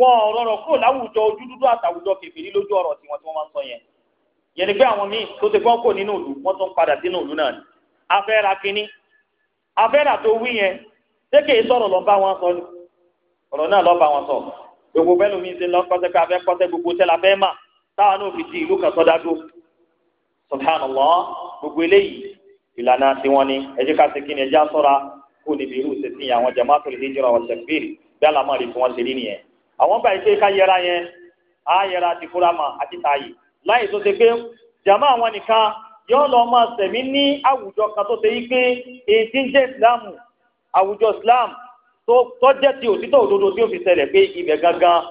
wọn rọrọ kó láwùjọ ojú dúdú àtàwùjọ kèfèrí lójú ọ̀rọ̀ tiwọn tí wọ́n máa ń sọ yẹn yẹn ni pé àwọn míì tó ṣe fọ́n kò nínú ìlú wọ́n tún padà sínú ìlú náà ni afẹ́ra kínní afẹ́ra tó wí yẹn ṣé kì í sọ̀rọ̀ lọ́ba wọn sọ ni ọ̀rọ̀ náà lọ́ba wọn sọ gbogbo bẹ́ẹ̀ lómi ṣe lọ kọ́sẹ́ pé afẹ́ kọ́sẹ́ gbogbo la fẹ́ mà táwọn náà fi ti ìlú kan sọ́dá dó subhanallah gbogbo eléyìí ìlànà tiwọn ni ẹ jẹ́ kó níbi irú ìṣesí yẹn àwọn jamaatul hijra wa takfir bí alámọ̀rì fún wọn ṣe rí nìyẹn àwọn gbà pé ká yẹra yẹn á yẹra ti fúramà àti tààyè láì tó ṣe pé jama àwọn nìkan yóò lọ máa sẹ̀mí ní àwùjọ kan tó ṣe yí pé èdè ń jẹ́ ìsìláàmù àwùjọ ìsìláàmù tó tọ́jẹ́ ti òtítọ́ òdodo tí ó fi ṣẹlẹ̀ pé ibẹ̀ gangan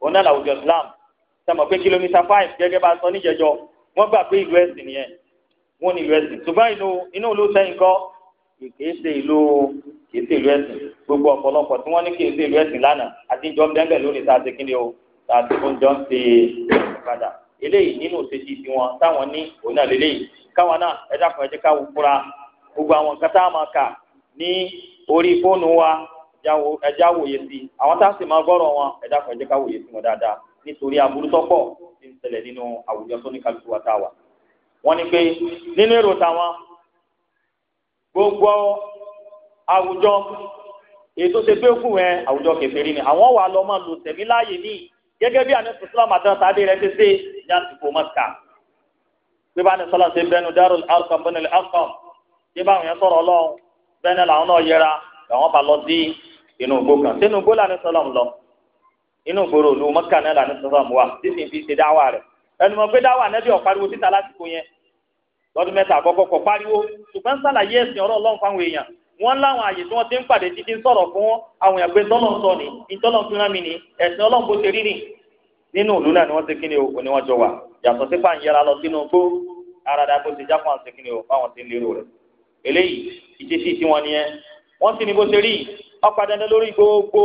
òun náà làwùjọ islam sọmọ pé kìlómítà five gẹ́gẹ́ bá a sọ níjẹjọ wọ́n gbà pé ìlú ẹ̀sìn nìyẹn wọ́n ní ìlú ẹ̀sìn ṣùgbọ́n inú inú ìlú sẹ́yìn kọ́ kìí ṣe ìlú kìí ṣe ìlú ẹ̀sìn gbogbo ọ̀pọ̀lọpọ̀ tí wọ́n ní kìí ṣe ìlú ẹ̀sìn lánàá àti ìjọ bẹ́ẹ̀ lónìí tá a ṣe kí ni o tá a ṣe fún jọ ń ṣe ìpadà eléyìí nínú òṣèjì tiwọn táwọn ní òun náà lélẹ́yìí káwọn náà ẹ dákun ẹ jẹ́ káwọn fúra gbogbo àwọn nǹkan tá a máa kà ní orí fóònù wa ẹja wòye sí àwọn tá a sì máa gbọ́rọ̀ wọn ẹ dákun ẹ jẹ́ káwọn wòye sí wọn gbogbo àwùjọ ètò ṣe pé kù ẹ àwùjọ kèfèrí ni àwọn wà lọ máa lò tẹ̀mí láàyè ní gẹ́gẹ́ bí àníṣe islam àtàwọn tàbí rẹ ti ṣe ní àsìkò mọ́ta bí bá ní sọ́lá ṣe bẹnu Darul Arqam bẹ́nu Arqam bí bá àwọn yẹn sọ̀rọ̀ ọlọ́run bẹ́ẹ̀ làwọn náà yẹra làwọn bá lọ sí inú igbó kan sínú igbó làní sọ́lá lọ inú ìgboro òlu mọ́kà náà làní sọ́lá wà títí fi ṣe dáwà rẹ̀ ẹnu mọ̀ pé dáwà lọ́dún mẹ́ta àkọ́kọ́ kọ̀ pariwo ṣùgbọ́n sàlàyé ẹ̀sìn ọ̀rọ̀ ọlọ́run fáwọn èèyàn wọ́n láwọn àyè tí wọ́n ti ń pàdé títí ń sọ̀rọ̀ fún àwọn èèyàn pé tọ́lọ̀ ń sọ ni ìtọ́lọ̀ ń fúnra mi ni ẹ̀sìn ọlọ́run bó ṣe rí nì nínú òlú náà ni wọ́n ti kíni o ni wọ́n jọ wà yàtọ̀ sí fàǹyẹra lọ sínú gbó arada bó ṣe jápọ̀ àti kíni o fáwọn ti ń lérò o eléyìí ìṣesí tí wọ́n nìyẹn wọ́n sì ní bó ṣe rí ọ̀pá dandan lórí gbogbo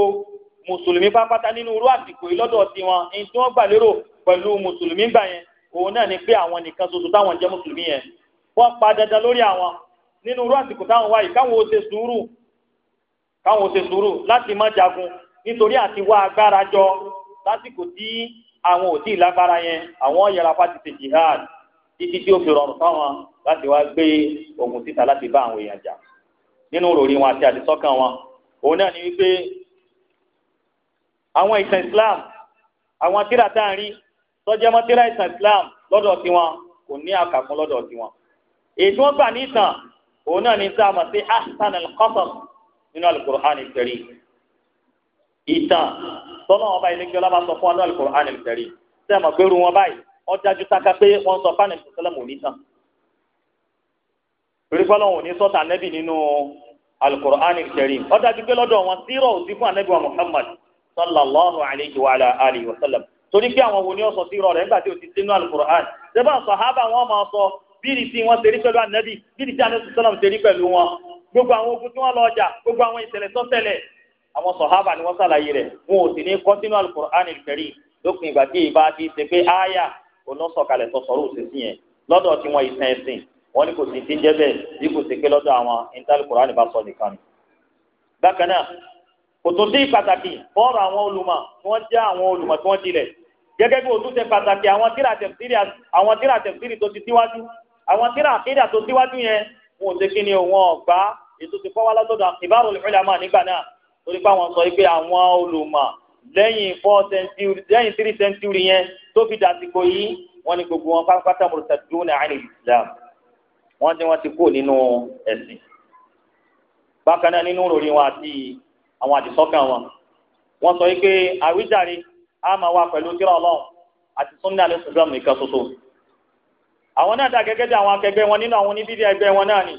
mùsùlùmí pápátá nínú irú àsìkò yìí lọ́dọ̀ tiwọn ní tí wọ́n gbà lérò pẹ̀lú òun náà ni pé àwọn nìkan ṣoṣo táwọn jẹ́ mùsùlùmí yẹn wọ́n pa dandan lórí àwọn nínú irú àsìkò táwọn wáyé káwọn ò ṣe sùúrù káwọn ò ṣe sùúrù láti má jagun nítorí àti wá agbára jọ lásìkò tí àwọn ò tí ì lágbára yẹn àwọn yẹra fáti ṣe jihad títí tí ó fi rọrùn fáwọn láti wá gbé ogun síta láti bá àwọn èèyàn jà nínú ròrí wọn àti àdìsọ́kàn wọn òun náà ni wípé àwọn ìtàn Islam àwọn tíra tá à ń rí tọ́jẹ́ mọ́ tíra ìtàn Islam lọ́dọ̀ tiwọn kò ní àkàkùn lọ́dọ̀ tiwọn. èyí tí wọ́n gbà ní ìtàn òun náà ní tá a mọ̀ sí ahsan al-qasas nínú al-Qur'an al-Karim ìtàn tọ́lọ́ ọba ilé gbé ọlọ́ba sọ fún anú al-Qur'an al-Karim tẹ́ ẹ mọ̀ pé ru wọn báyìí ó dájú sáká pé wọ́n sọ fáànì mùsùlùmù onítàn torí fọlọ́n òní sọ́tà nẹ́bì nínú al-Qur'an al-Karim ó dájú wọn sírọ̀ òsì fún anẹ́bì wa Muhammad sallallahu alayhi wa alihi wa sallam torí pé àwọn wo ni ó sọ sí irọ́ rẹ̀ nígbà tí ó ti sínú alukur'an sẹ́fà sàhábà wọn máa sọ bíri tí wọ́n ṣe rí pẹ̀lú ànábì bíri tí ànábì sọ́nà ṣe rí pẹ̀lú wọn gbogbo àwọn ogun tí wọ́n lọ ọjà gbogbo àwọn ìṣẹ̀lẹ̀ tó àwọn sàhábà ni wọ́n ṣàlàyé rẹ̀ wọn ò sì ní kọ́ sínú alukur'an ìfẹ̀rí lópin ìgbà tí ìbá ti ṣe pé áyà olóṣọ̀kalẹ̀ tó sọ̀rọ̀ òṣèṣin yẹn lọ́dọ̀ tí wọ́n ìsìn ẹ̀sìn wọ́n ní kò sì ti ń jẹ́ bí kò sì pé lọ́dọ̀ àwọn intalukur'an gẹ́gẹ́ bí òtún ṣe pàtàkì àwọn tíra tẹ̀síìrì àwọn tíra tẹ̀síìrì tó ti síwájú àwọn tíra àkídà tó síwájú yẹn wọn ò ṣe kí ni wọn ọ̀gbá ètò ti fọwọ́ látọ̀dọ̀ ìbára olùfẹ́lámà nígbà náà torí pé àwọn sọ pé àwọn olùmọ̀ lẹ́yìn four century lẹ́yìn three century yẹn tó fi dàsìkò yìí wọ́n ní gbogbo wọn pátápátá murtaduna àní Islam wọ́n ti wọ́n ti kó nínú ẹ̀sìn bákan náà nínú ròrí wọn àti àwọn àdìsọ́kàn wọn wọ́n sọ pé àwíjàre Ama máa wá pẹ̀lú kíra ọlọ́run àti sunni alẹ́ nìkan ṣoṣo. àwọn náà dà gẹ́gẹ́ bí àwọn akẹgbẹ́ wọn nínú àwọn oníbídí ẹgbẹ́ wọn náà ni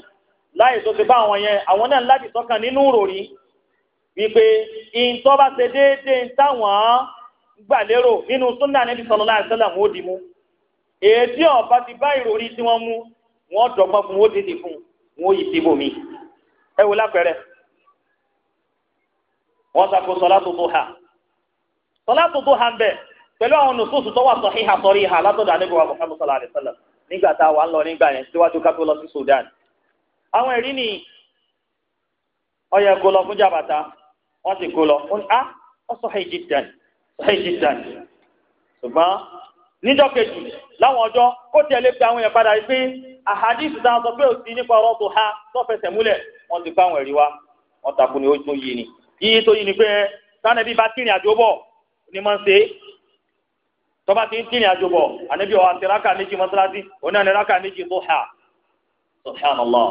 láyé tó ti bá àwọn yẹn àwọn náà láti tọ́kàn nínú ròrí wípé ìǹtọ́ bá ṣe déédéé táwọn gbà lérò nínú sunni Ànábì sallallahu alaihi wasallam ó dì mú èdè ọba ti bá ìròrí tí wọ́n mú wọ́n dọ́gbọ́n fún wọ́n dìde fún wọ́n yìí síbò mí ẹ wò lápẹ̀rẹ̀ wọ́n sako sọlá ha sọlá tó ha hàn bẹ́ẹ̀ pẹ̀lú àwọn nùsùsù tó wà sọ híhà sọrí ìhà látọ̀dọ̀ anábìwá Muhammad wa sallam nígbà tá a wà ń lọ nígbà yẹn síwájú ká tó lọ sí Sudan. àwọn ẹ̀rí ni ọyẹ kó lọ fún jàbàtà wọ́n sì kó lọ ó ní á ah, ó sọ sọ kejì láwọn kó àwọn yẹn padà pé ha tó ti fáwọn wa takùn ní ojú yìí ni tó yìí ni pé sanni ní máa ń ṣe é tọ́ba ti ń tìrìn àjò bọ̀ ànábì ọ̀ àti rákà meji mọ́sálásí òun náà ní rákà duha subhanallah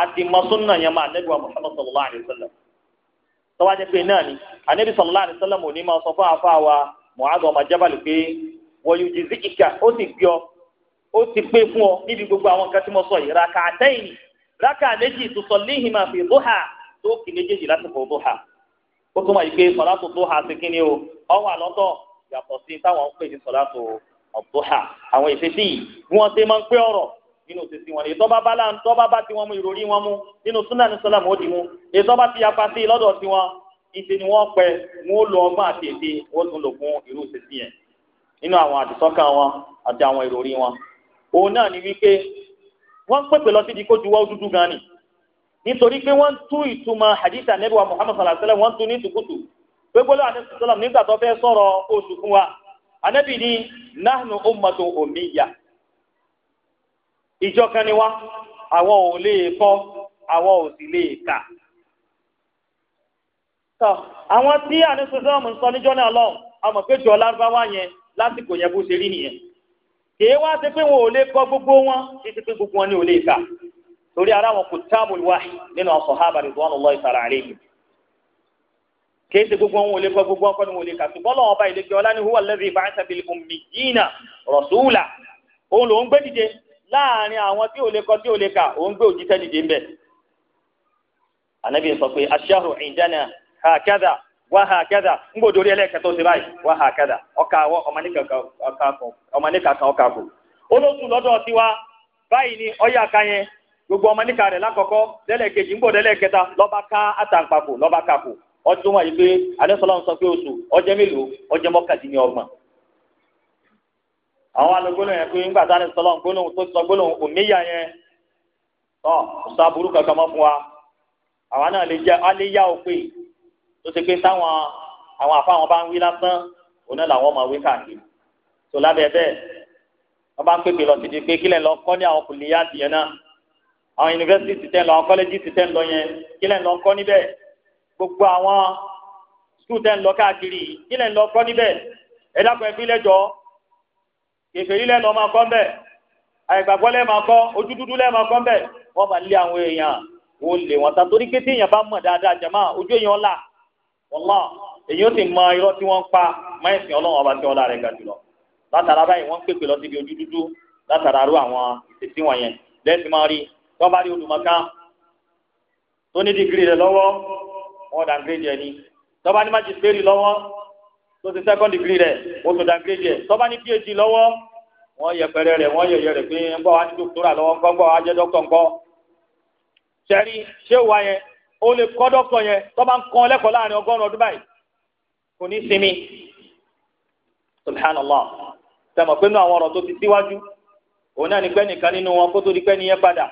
àti masunna yẹn ma ànábì wa muhammad sallallahu alayhi wa sallam tọ́ba naanị pé náà ni sallallahu alayhi wa sallam ò ní sọ fún àfa wa ọmọ ọ ti fún ọ níbi gbogbo àwọn nǹkan tí mo sọ yìí ó túmọ̀ yìí pé sọ̀látò tó hà sí kínní o ọ̀hún àlọ́tọ̀ yàtọ̀ sí táwọn ń pè ní sọ̀látò ọ̀tọ̀ hà àwọn ìṣesí bí wọ́n ṣe máa ń pé ọ̀rọ̀ nínú ìṣesí wọn èyí tọ́ba bá tọ́ba bá ti wọn mú ìròrí wọn mú nínú súnà ní sọlá mọ́ mú èyí tọ́ba ti yapa sí lọ́dọ̀ sí ìṣe ni wọ́n pẹ wọn ó lo ọgbọ́n àti ète wọ́n tún lò fún irú ìṣesí yẹn nínú àwọn àdìsọ́kàn wọn àti àwọn ìròrí wọn òun náà ni wípé wọ́n pèpè lọ sí di kó juwọ́ dúdú gan ni nítorí pé wọ́n tú ìtumọ̀ hadith anabi wa muhammad sallallahu alayhi wa sallam wọ́n tú ní tukutu pé gbọ́dọ̀ anabi sallam nígbà tó fẹ́ sọ̀rọ̀ oṣù fún wa anabi ni nahnu ummatu ummiya ìjọ kan ni wa àwọn ò lè kọ àwọn ò sì lè kà tọ àwọn tí anabi sallam ń sọ níjọ́ náà lọ àmọ̀ pé jọ lárúbáwá yẹn lásìkò yẹn bó ṣe rí nìyẹn kèé wá ṣe pé wọn ò lè kọ gbogbo wọn kí pé gbogbo wọn ni ò lè kà. tori ara wọn kò táàbù wáyé nínú àwọn sọ̀hábà ridwanullahi ta'ala alayhim kìí ṣe gbogbo wọn ò lè kọ gbogbo wọn kọ́ ni wọn ò lè kà ṣùgbọ́n lọ́wọ́ ọba ìlẹ́gbẹ́ ọlá ni huwa alladhi ba'atha bil ummiyyina rasula òun lòún gbé dìde láàrin àwọn tí ò lè tí ò lè kà òun gbé òjíṣẹ́ dìde ń bẹ̀. sọ pé ń báyìí ọkà tiwa gbogbo ọmọ níka rẹ̀ lákọ̀ọ́kọ́ lẹ́lẹ́kejì ń bọ̀ lẹ́lẹ́kẹta lọ́ba ká àtàǹpàkò lọ́ba kàkò ọdún wáyé pé alẹ́sọ̀lá ń sọ pé oṣù ọjọ́ mélòó ọjọ́ mọ́kàndínlọ́gbọ̀n. àwọn alùgbòlóhùn yẹn pé ńgbà tá alẹ́sọ̀lá ń gbólóhùn tó sọ gbólóhùn òmíyà yẹn tọ́ ọ̀sán burú kankan mọ́ fún wa àwa náà lè jẹ́ alẹ́ yá òpè tó ṣe pé táwọn àwọn àfa àwọn bá ń wí lásán òun làwọn máa wí káàkiri tó lábẹ́ bẹ́ẹ̀ wọ́n bá ń pèpè lọ sí àwọn yunifásitì ti tẹ́ lọ àwọn kọ́lẹ́jì ti tẹ́ lọ yẹn kílẹ̀ lọ kọ́ níbẹ̀ gbogbo àwọn skul tẹ́ lọ káàkiri kílẹ̀ lọ kọ́ níbẹ̀ ẹ dákun ẹbí lẹ́jọ́ kèfèrí lẹ́ lọ máa kọ́ mbẹ̀ àìgbàgbọ́ lẹ́ máa kọ́ ojú dúdú lẹ́ máa kọ́ mbẹ̀ wọ́n bá lé àwọn èèyàn wọ́n lè wọ́n ta torí kété èèyàn bá mọ̀ dáadáa jàmá ojú èèyàn là wọ́lá èyí ó sì mọ irọ́ tí wọ́n ń pa máyẹ̀sìn ọlọ́run ọba tí ọlá rẹ̀ ga jùlọ látara báyìí wọ́n ń pèpè lọ síbi ojú dúdú látara arú àwọn ìṣesí wọ̀nyẹn lẹ́sìn máa rí tó bá rí olùmọ̀ká tó ní dìgírì rẹ̀ lọ́wọ́ wọ́n dàgírèdì ẹ̀ ni tó bá ní májísírì lọ́wọ́ tó ti sẹ́kọ́nd dìgírì rẹ̀ ó tún dàgírèdì ẹ̀ tó bá ní phd lọ́wọ́ wọ́n yẹ pẹ̀rẹ́ rẹ̀ wọ́n yẹ̀yẹ rẹ̀ pé ń bọ̀ wá ní dókítà lọ́wọ́ ńkọ́ ń bọ̀ wá jẹ́ dókítà ńkọ́ sẹ́rí ṣé wà yẹn ó lè kọ́ dókítà yẹn tó bá ń kọ́ lẹ́kọ̀ọ́ láàrin ọgọ́rùn-ún ọdún báyìí kò ní sinmi subhanallah tẹmọ̀ pé nínú àwọn ọ̀rọ̀ tó ti síwájú òun náà ní pẹ́ nìkan nínú wọn kó tó di pẹ́ nìyẹn padà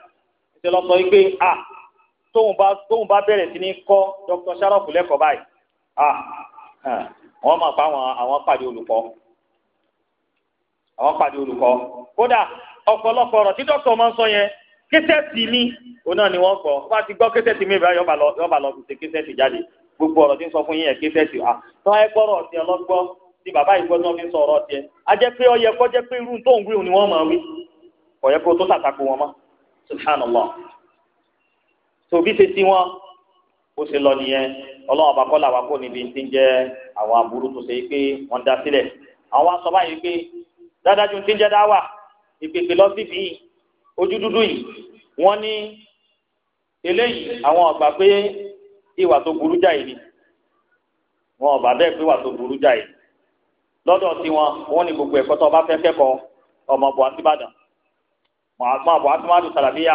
ṣe lọ sọ wípé a tóun bá tóun bá bẹ̀rẹ̀ sí ní kọ́ Dr. Sharaf lẹ́kọ̀ọ́ báyìí a wọ́n máa pa àwọn àwọn pàdé olùkọ́ àwọn pàdé olùkọ́ kódà ọ̀pọ̀lọpọ̀ ọ̀rọ̀ tí dókítà máa ń sọ yẹn késẹ́ẹ̀tì mi òun náà ni wọ́n gbọ́ wọ́n ti gbọ́ késẹ́ẹ̀tì mi ìbára yọba lọ lọ fi ṣe késẹ́ẹ̀tì jáde gbogbo ọ̀rọ̀ tí ń sọ fún yín yẹn késẹ́ẹ̀tì wa tán ẹ gbọ́rọ̀ ọ̀tí ọlọ́gbọ́ tí bàbá yìí gbọ́dọ̀ fi ń sọ ọ̀rọ̀ ọ̀tí ẹ a jẹ́ pé ó yẹ kó jẹ́ pé irú tóun wí òun ni wọ́n máa wí kò kó tó tàtàkù wọn mọ́ subhanallah tòbí ṣe tí wọn ó ṣe lọ nìyẹn ọlọ́wọ́n bá kọ́lá wa kó níbi tí ń jẹ́ àwọn aburú tó ṣe pé wọ́n dá sílẹ̀ àwọn wa sọ báyìí pé dáadájú ti ń jẹ́ dáwà ìpèpè lọ síbi ojú dúdú yìí wọ́n ní eléyìí àwọn ọ̀gbà pé ìwà tó burú jáì ni wọn ọ̀gbà bẹ́ẹ̀ pé ìwà tó burú jáì lọ́dọ̀ tiwọn wọ́n ní gbogbo ẹ̀kọ́ tó ọba fẹ́ kẹ́kọ̀ọ́ ọmọ bọ̀ àtìbàdàn máa bọ̀ àti máàlù sàlàbíyà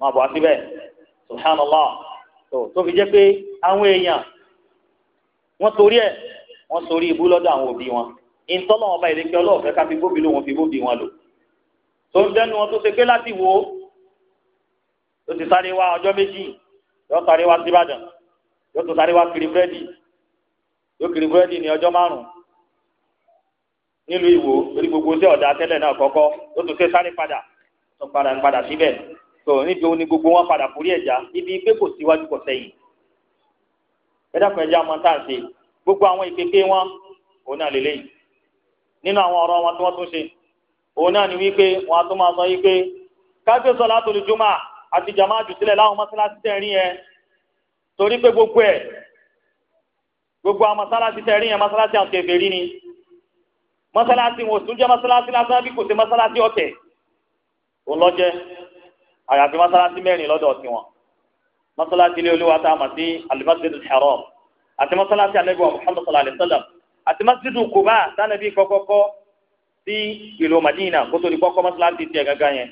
máa bọ̀ àti bẹ́ẹ̀ subhanallah tó tó fi jẹ́ pé àwọn èèyàn wọ́n torí ẹ̀ wọ́n torí ibú lọ́dọ̀ àwọn òbí wọn ìtọ́lọ́ ọba ìdíkẹ́ ọlọ́ọ̀fẹ́ ká fi bóbi ló wọn fi bóbi wọn lò tó ń dẹnu wọn tó ṣe pé láti wo ó ti sáré wá ọjọ́ méjì yóò sáré wá síbàdàn yóò tó sáré wá kiri búrẹ́dì yóò kiri búrẹ́dì ní ọjọ́ márùn nílùú Ìwó torí gbogbo ṣé ọ̀dà tẹ́lẹ̀ náà kọ́kọ́ ó tún ṣe sáré padà tó padà ń padà síbẹ̀ tó níbi òun ni gbogbo wọn padà forí ẹ̀já níbi pé kò síwájú kò sẹ́yìn ẹ dákun ẹ̀já máa tà ṣe gbogbo àwọn ìpèké wọn òun náà lélẹ́yìn nínú àwọn ọ̀rọ̀ wọn tí wọ́n tún ṣe òun náà ni wípé wọn a tún máa sọ wípé káfíń sọlá tó lójúmọ́ àti jàmáà jù sílẹ̀ láwọn mọ́sálásí tẹ̀rín yẹn torí pé gbogbo ẹ̀ gbogbo àwọn mọ́sálásí tẹ̀rín yẹn mọ́sálásí àwọn kèfèrí ni mọ́sálásí wọn ò tún jẹ́ mọ́sálásí lásán bí kò sí mọ́sálásí ọ̀tẹ̀ ọlọ́jẹ́ àyàfi mọ́sálásí mẹ́rin lọ́dọ̀ tiwọn mọ́sálásí ilé olúwa tá a mọ̀ sí alimọ́sídìí haram àti mọ́sálásí alẹ́ bíi muhammad sallallahu alayhi wa sallam àti mọ́sálásí kuba sanabi kọ́kọ́kọ́ sí ìlú madina kótó ní kọ́kọ́ mọ́sálásí tiẹ̀ gángan yẹn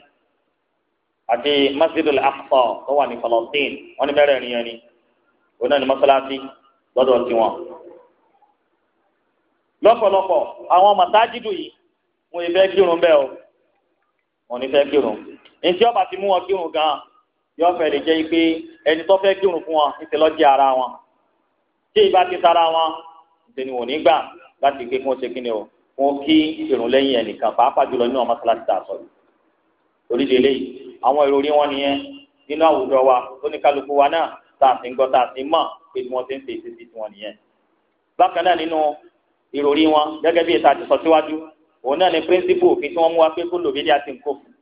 àti mọ́sálásí al-aqsa tó wà ní falastin wọn ni mẹ́rẹ̀ẹ̀rin yẹn ni wọn náà ni mọ́sálásí lọ́dọ̀ tiwọn. lọ́pọ̀lọpọ̀ àwọn masajidu yìí wọn ì wọn ní fẹ́ kírun ní tí ọba ti mú wọn kírun gan yóò fẹ́ lè jẹ́ pé ẹni tó fẹ́ kírun fún wọn ní ti lọ jẹ ara wọn tí ìbá ti tara wọn ìṣẹ̀ni wò ní gbà láti gbé kí wọ́n ṣe kí ni o wọ́n kí irun lẹ́yìn ẹnìkan pàápàá jùlọ nínú ọmọ sáláṣí tá a sọ yìí oríṣi eléyìí àwọn ìròyìn wọn nìyẹn nínú àwùjọ wa oníkálukú wa náà tá a sì ń gbọ́ tá a sì ń mọ̀ pé bí wọ́n ti ń ṣe ìṣesí tiwọn nìyẹn bákan náà nínú ìròyìn wọn gẹ́gẹ́ bí ètò àtisọ síwájú òun náà ni píríncípù òfin tí wọ́n mú wa pé kó lò bídíà ti ń kó fún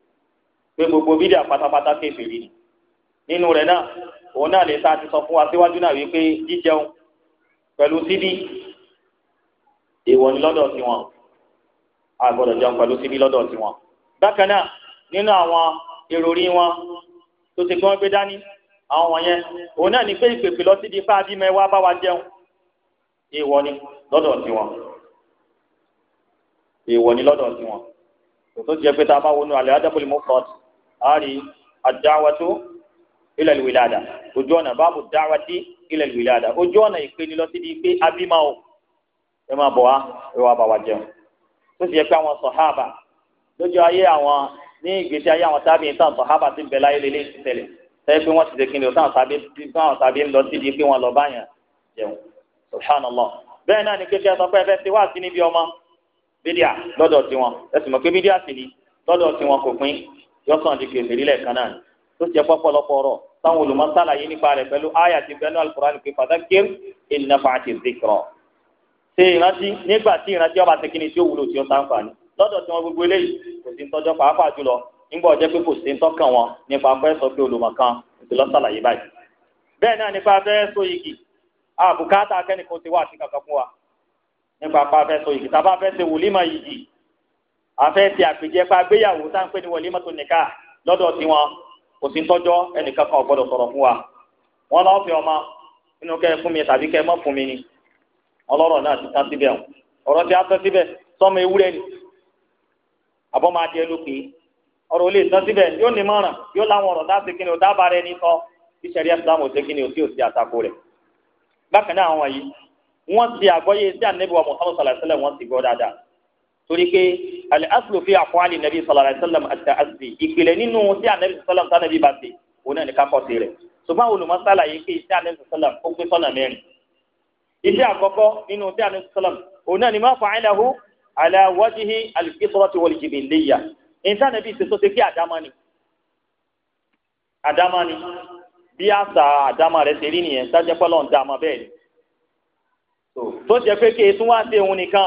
pé gbogbo bídíà pátápátá kéferì ni nínú rẹ̀ náà òun náà lè ta ti sọ fún wa síwájú náà wípé jíjẹun pẹ̀lú síbí èèwọ̀ ni lọ́dọ̀ tiwọn a gbọ́dọ̀ jẹun pẹ̀lú síbí lọ́dọ̀ tiwọn bákan náà nínú àwọn èrò orí wọn tó ti gbọ́n gbé dání àwọn wọ̀nyẹn òun náà ni pé ìpèpè lọ síbi fáadí mẹ́wàá bá wa jẹun èèwọ̀ lọ́dọ̀ tiwọn èèwọ̀ ní lọ́dọ̀ sí wọn tó ti jẹ́ pé tá a bá wọnú alẹ́ adábòlì mufrad àárí adáwàtó ilẹ̀ ìwìlàdà ojú ọ̀nà báàbù dáwàtí ilẹ̀ ìwìlàdà ojú ọ̀nà ìpeni lọ síbi pé abímá o ẹ máa bọ̀ wá ẹ wá bá wa jẹun tó ti jẹ́ pé àwọn sọ̀háàbà lójú ayé àwọn ní ìgbésí ayé àwọn sábì ń tàn sọ̀háàbà ti bẹ̀ láyé lélẹ́ ìtẹ̀lẹ̀ sẹ́yìn pé wọ́n ti sèkìlì ọ̀tàn sábì ń lọ síbi pé wọ́n lọ bídíà lọ́dọ̀ tiwọn ẹ̀sùn mọ̀ pé bídíà sì ni lọ́dọ̀ tiwọn kò pín yọ̀sán di kèsì rí lẹ́ẹ̀kan náà tó ti ẹ̀ pọ́pọ́lọpọ̀ ọ̀rọ̀ táwọn olùmọ̀sálàyé nípa rẹ̀ pẹ̀lú àyà ti bẹ́ẹ̀ náà alukur'an pé fàdákìr ìnáfà àti zikirọ̀ ṣe ìrántí nígbà tí ìrántí ọba ti kíni tí ó wúlò tí ó sáǹfààní lọ́dọ̀ tí wọn gbogbo eléyìí kò sí ntọ́jọ́ pàápàá jùlọ nígbà ọjọ́ pé kò sí ntọ́kàn wọn nípa pẹ́ sọ pé olùmọ̀kan ti lọ sàlàyé báyìí bẹ́ẹ̀ náà nípa abẹ́rẹ́ sóyigi àbùkátà akẹ́nìkan ti wá àti kankan fún wa nípa pa afẹ́ so yìí tàbá afẹ́ ṣe wòlímà yìí afẹ́ ti àpèjẹ pa gbéyàwó tá à pè ní wòlímà tó nìka lọ́dọ̀ tiwọn kò sí tọ́jọ́ ẹnìkan kan sọ̀rọ̀ fún wa wọn lọ́ọ́ fi ọmọ inú fún mi tàbí kẹ́ mọ́ fún mi ni ọlọ́rọ̀ náà ti tán síbẹ̀ ọ̀rọ̀ ti síbẹ̀ ewúrẹ́ ni àbọ̀ wọ́n ti àgbọ́yé sí ànábì wa muhammadu sallallahu alayhi wa sallam wọ́n ti gbọ́ dáadáa torí pé àlẹ́ asùlù fi àkọ́wálì nàbí sallallahu alayhi wa sallam àti àti ìpìlẹ̀ nínú sí ànábì sallam sànàbí bá ti òun náà ní ká kọ́sí rẹ̀ ṣùgbọ́n olùmọ̀sálà yìí pé sí ànábì sallam ó pé sọ́nà mẹ́rin iṣẹ́ àkọ́kọ́ nínú sí ànábì sallam òun náà ni má fa àìlàhù àlà wájìhì alfitrati wal jibiliyya ìṣẹ́ ànábì ṣe tó ṣe kí àdámánì àdámánì bí àṣà àdámà rẹ̀ ṣe rí nìyẹn sájẹ́pọ́lọ́ ń tó jẹ́ pé kí ètò wá sí òun nìkan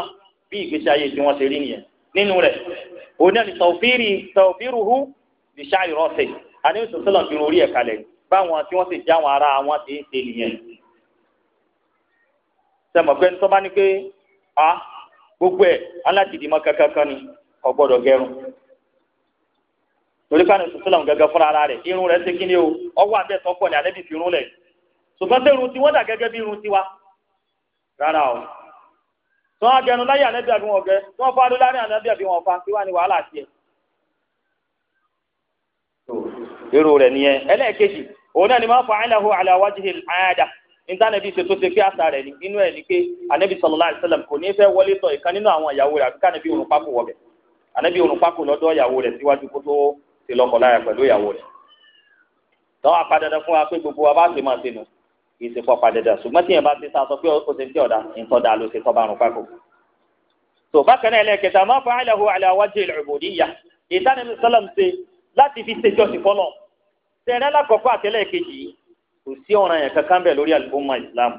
bí ìgbésí ayé tí wọ́n ṣe rí nìyẹn nínú rẹ̀ òun náà ni tàwùfírì tàwùfírì hu lè ṣáàyè rọ́ọ̀sẹ̀ àníwò sọ̀tẹ́lọ̀ fi orí ẹ̀ kalẹ̀ báwọn tí wọ́n sì já wọn ara wọn ti ń ṣe nìyẹn. sẹ́mọ̀ pé ní sọ́ba ni pé a gbogbo ẹ̀ alátìdímọ̀ kankan ni kò gbọ́dọ̀ gẹrun torí káni sọ̀tẹ́lọ̀ gẹ́gẹ́ fúnra ara rẹ̀ irun rẹ̀ ṣe kí ni o ọwọ́ abẹ́ sọ́kọ̀ ni àlẹ́ bí fi irun lẹ̀ ṣùgbọ́n sẹ́run tiwọn dà gẹ́gẹ́ bí irun tiwa rárá o tí wọn gẹnu láyé ànábì àbí wọn gẹ tí wọn fa ló láàrin ànábì àbí wọn fa kí wàá ní wàhálà tiẹ̀. èrò rẹ̀ nìyẹn ẹlẹ́ẹ̀kejì òun náà ni máa fa àìlàhó àlàwájìhì àyàdà níta nàbí ṣètò ṣe pé àṣà rẹ̀ nínú ẹ̀ ni pé ànábì sallallahu alaihi wasallam kò ní fẹ́ wọlé tọ̀ ìkan nínú àwọn ìyàwó rẹ̀ àbíká ànábì òrùn pákó wọbẹ ànábì òrùn pákó lọ́dọ̀ ìyàwó kì í ṣe pọ́pá dandan ṣùgbọ́n tí yẹn bá ti sá sọ pé ó ṣe ti ọ̀dà ìtọ́da ló ṣe tọ́ba àrùn pákó. tó bákan náà ẹlẹ́kẹta máa fa àìlẹ́hu àlẹ́ àwájú al-ubudiyya ìdánimí sọ́lọ́m ṣe láti fi ṣe jọ́sìn fọ́lọ̀ tẹ̀rẹ́ lákọ̀ọ́kọ́ àtẹ́lẹ̀ kejì kò sí ọ̀ràn yẹn kankan bẹ̀ lórí al-umma islam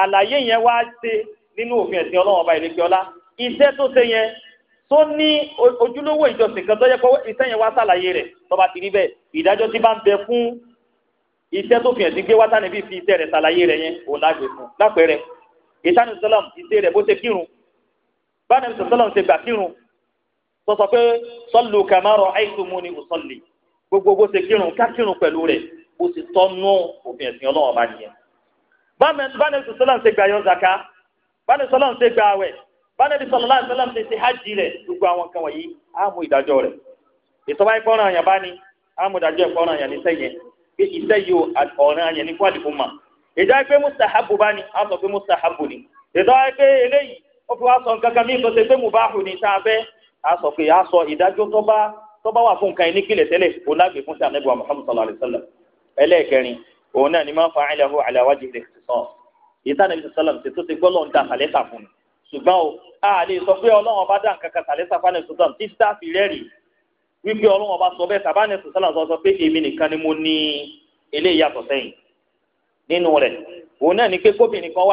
àlàyé yẹn wá ṣe nínú òfin ẹ̀sìn ọlọ́run ọba ìrèké ọlá iṣẹ́ tó ṣe yẹn tó ní ojúlówó ìjọsìn kan tó yẹ kó iṣẹ́ yẹn wá ṣàlàyé rẹ̀ tó bá ti rí bẹ́ẹ̀ ìdájọ́ tí bá ń bẹ fún iṣẹ́ tó fi ẹ̀sìn gbé wá tánì bí fi iṣẹ́ rẹ̀ ṣàlàyé rẹ̀ yẹn òun lágbè fún lápẹ̀rẹ̀ ìṣàánú sọlọ́m iṣẹ́ rẹ̀ bó ṣe kírun báwọn ẹ̀sìn ṣe gbà kírun tó pé sọ́lù kàmárọ̀ àìsùnmù ni òsọ̀lì gbogbo bó ṣe kírun ká kírun pẹ̀lú rẹ̀ bó ṣe tọ́nú òfin ẹ̀sìn ọlọ́run ọba nìyẹn bánẹ́bí sọlá ń ṣe gba yọ zaka bánẹ́bí sọlá ń ṣe gba awẹ bánẹ́bí sọlá ń sọlá ń ṣe ti hajj rẹ gbogbo àwọn kan wọ̀nyí á mú ìdájọ́ rẹ̀ ìtọ́ba ìkọ́ràn àyàn bá ní á mú ìdájọ́ ìkọ́ràn àyàn ní sẹ́yìn pé iṣẹ́ yìí ọ̀ràn àyàn ní fún àdìgún mà ìjọ pé mustahabu bá ní á sọ pé mustahabu ni ìjọ pé eléyìí ó fi wá sọ nǹkan kan mí tó pé mubahu ni a fẹ́ á sọ pé á sọ ìdájọ́ tó bá tó bá wà fún nǹkan yìí nípìnlẹ̀ tẹ́lẹ̀ kó lágbè fún sí ànábì wa Muhammad sallallahu alayhi òun náà ni máa ń fa àìlẹ́hu àlàwájú rẹ̀ sàn èyí tá nàbí sàlám ṣe tó ti gbọ́ lọ́n da sàlẹ́sà fún un ṣùgbọ́n o a lè sọ pé ọlọ́run ọba dá nǹkan kan sàlẹ́sà fún àìlẹ́sà sàlám tí sáà fi rẹ́rì wípé ọlọ́run ọba sọ bẹ́ẹ̀ sàbá àìlẹ́sà sàlám sọ pé èmi nìkan ni mo ní eléyìí yàtọ̀ sẹ́yìn nínú rẹ̀ òun náà ni pé kóbìnrin kan